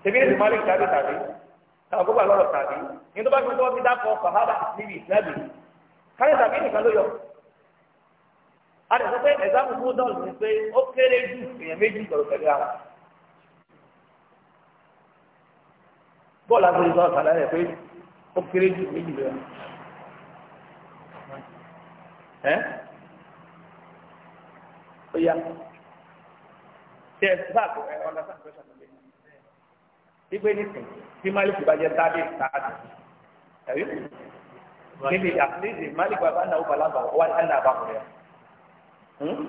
ṣébi ní malik tàbí tàbí àwọn gbogbo àlọ́ ọ̀rọ̀ tàbí ní tó bá fi tọ́ fi dákọ̀ sàhábà níbi ìsìlẹ́bì káyọ̀ tàbí nìkan ló yọ. a lè sọ pé ẹ̀sáàmù fún dọ́ọ̀lù ni pé ó kéré jù èèyàn méjì sọ̀rọ̀ pẹ̀lú ara. bọ́ọ̀lù agbóyè sọ̀rọ̀ sàlẹ̀ rẹ̀ pé ó kéré jù méjì lóyà. ẹ́ ó yá. ṣe ẹ̀ bá a kọ ọ̀nà sáà gbígbé nìsín bí málìkù bá jẹ tábì tábì ẹ̀rí níbi àtúndì málìkù bá náwó balaba wà ní àná àbáwòrẹ hmm?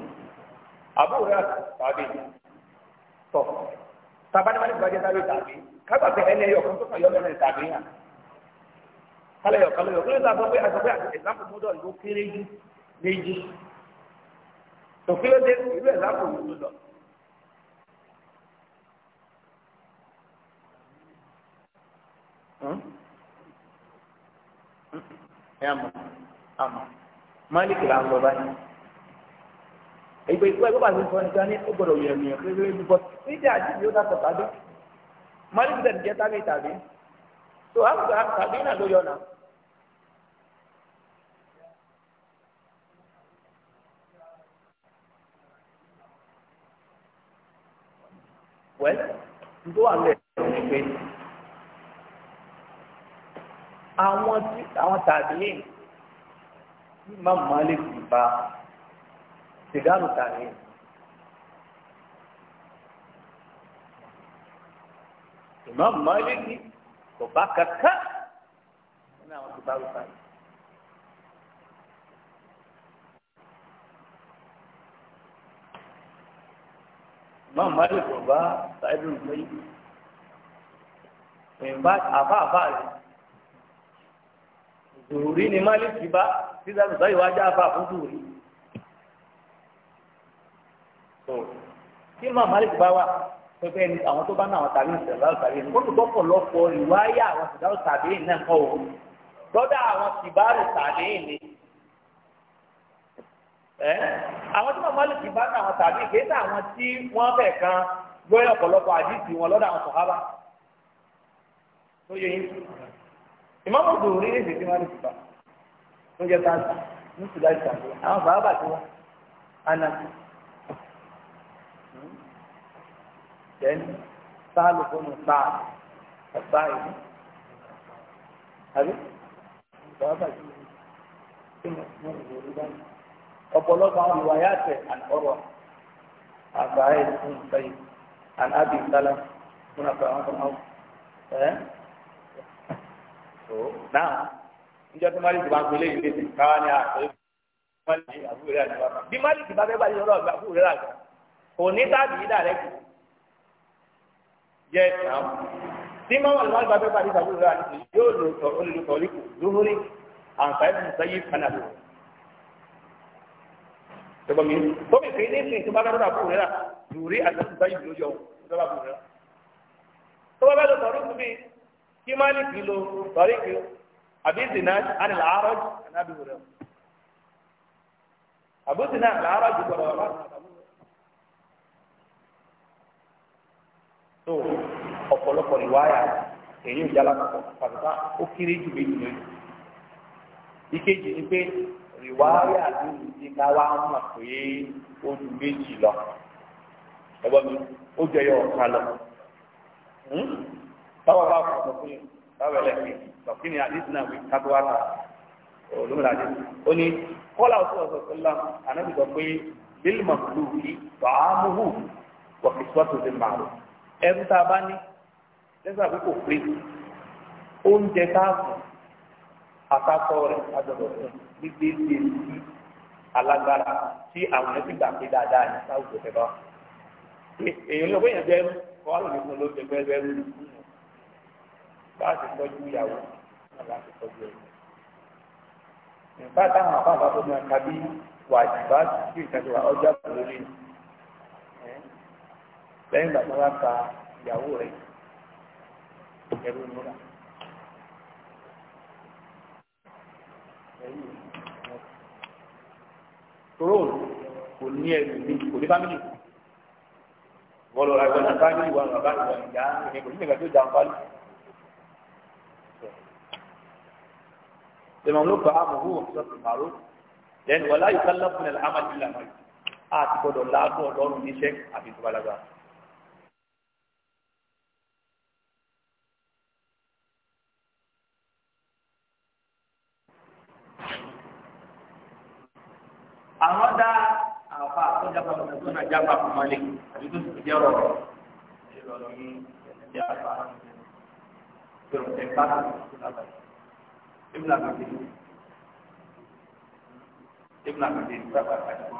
àbáwòrẹ tábì tọ tábàdé málìkù bá jẹ tábì tábì kábàtẹ ẹni ẹyọ kan tó kàn yọ lẹ́nu tábì hàn kálẹ̀yọ̀ kálẹ̀yọ̀ kí ló ń sọ pé àtọ́gbé àti ẹ̀sáǹpù mọ́dọ̀ ló kéré jù méjì tòkí ìlú ẹ̀sáǹpù yìí ẹ àmọ́ àmọ́ máàlìkì là ń lọ báyìí ìgbè ìgbà ìgbà tó ń sọ nípa ní ó gbọ́dọ̀ yẹ ẹmí ẹgbẹ́ ìgbà bọ níbi àdìsí ó dàpọ̀ tàbí máàlìkì tẹ̀ jẹ́ tàbí tàbí tó àgbà tàbí náà ló yọ náà. àwọn tí àwọn tàbíyìn Imam Malik ti bá sìgáàrù tàbíyìn. Imam Malik ni kò bá kankan nínú àwọn sìgáàrù tàbíyìn. Imam Malik kò bá sáyẹ́dùn lóyún. Kò àbá àbá rẹ̀ dùrùrí ni málìkì bá sísá sọ̀tọ́ ìwájú àfa fún dùrùrí. tí màá málìkì bá wà pẹpẹ ni àwọn tó bá náà tàbí ìṣẹ̀dáwò tàbí ẹni wọ́n gbọ́ pọ̀lọpọ̀ ìwáyà àwọn ìṣẹ̀dáwò tàbí ẹni náà kọ́ òun lọ́dọ̀ àwọn kìbáàrù tàbí ẹni. ẹ àwọn tí wọ́n mọ́lẹ̀ kìbáàrù àwọn tàbí kéésà àwọn tí wọ́n fẹ̀ kan gbóyè ọ̀pọ̀lọpọ̀ àdìsí wọn lọ́dọ̀ àwọn sọ̀hábà tó yẹ yín ìmọ̀mọ̀ dùn rí èsì tí wọ́n lè fà ó jẹ́ káàtà ní sùdáì sàbí àwọn bàbá tí wọ́n ana tẹ́lẹ̀ sáàlù fún un sáà ọ̀sá ìlú àbí bàbá tí wọ́n wọ́n lè rí báyìí ọ̀pọ̀lọpọ̀ àwọn ìwà yàtẹ̀ àkọ́rọ̀ àgbà ẹ̀ fún un sẹ́yìn àná àbí ìsálà fún àpẹẹrẹ àwọn ọmọ ẹ̀ náà níjọ́ tí malik bá ń pè léyìn léyìn káwá ní àpè malik àbúrò rẹ̀ àti bàbá bí malik bá fẹ́ bàjẹ́ lọ́wọ́ àbúrò rẹ̀ àgbà kò ní tábì yìí dàrẹ́ kù yẹ ẹ̀ka tí mọ́ wọn lọ́wọ́ bá fẹ́ bàjẹ́ àbúrò rẹ̀ àti yóò lò sọ olùkọ́ orí kù lóhùnrin àǹfààní sẹ́yìn kanáà tọ́gbọ́n mi tóbi fi ní sìn tó bá dábàá àbúrò rẹ̀ kí Málíkì lo sọ̀rí kí àbí Zinad àni làárọ̀ jù àná àbí wúrẹ́ o àbí Zinad làárọ̀ jù gbọdọ̀ wà láti àbí wúrẹ́ so ọ̀pọ̀lọpọ̀ ìwáyà èyí ò yálà ni ju mi táwọn bá fọ fún yìí táwọn ẹlẹ́gbẹ́ tọ̀kí ni àdìsí náà wí kátóá ta olómìnira àdìsí. ó ní kọ́lá ọ̀sùn ọ̀sọ̀ sọ́lá ànábì sọ pé bílí màkúlù kì í fàámuhù wọ̀kì sọ́tò sí màrú. ẹrú tá a bá ní lẹ́sà pé kò pé oúnjẹ tá a fún àtàkọ rẹ̀ agbọ̀dọ̀ fún gbígbé sí alágbára tí àwọn ẹbí gbà pé dáadáa ní sáwùjọ tẹ bá. èèyàn lọ bóyá bẹ́ẹ̀ kọ́ àlọ́ nìkan ló láti tọ́jú ìyàwó náà láti tọ́jú ẹ̀yìn. nígbà táwọn àpáàpá tó máa ka bí wà jìbá sí ìtajà wà ọjà lórí lẹ́yìn ìgbà tó bá ka ìyàwó rẹ̀ ẹ̀rú múra. toro kò ní ẹ̀rù mi kò ní fámìlì bọ́lọ̀ ra ìwọ̀n náà fámìlì wà ní bàbá ìwọ̀n ìyá ẹ̀kọ́ nígbà tó jà ń fámìlì. ìmọ̀lópa amòhù ọ̀sọ̀tò màrú lẹ́nu wọlá yìí kálá fún ẹ̀lá amadi ìlànà yìí a ti gbọdọ̀ láàbọ̀ lọ́rùn níṣẹ́ àbí ìtúbalágbá. àwọn dá àwọn fa àtọ́jà pàmò tó náà já pàmò mọ́lẹ̀ àbí tó sì jẹ́ rọrọ̀ ìrọ̀lọ́ yìí ẹ̀jẹ̀ àpá ẹ̀rọ̀ ẹ̀ká tó lábàá ibn abdul ibn abdul bàbá àti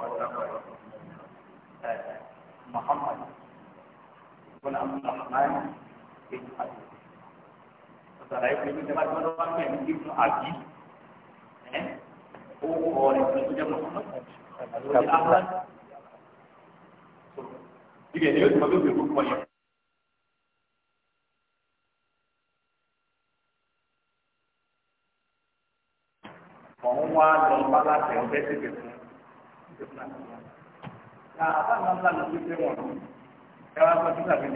muhammad ibn abdul rahman ibn abdul ọ̀sàrà ẹ̀kọ́ ibi tẹ́lá tí wọ́n bá pè ní ibn abi ẹ̀ ó kọ́ ẹ̀ tó jẹ́ muhammad lórí ahmad ibẹ̀ ni yóò tún bá tó fi kú kọ́ yẹn. òun wá lọ bá láti ọbẹ̀ tètè fún ìjọba. Àbá ńlá ńlá ló fi ṣe wọ̀n. Ẹ wá gbọ́ sí ìgbàgbé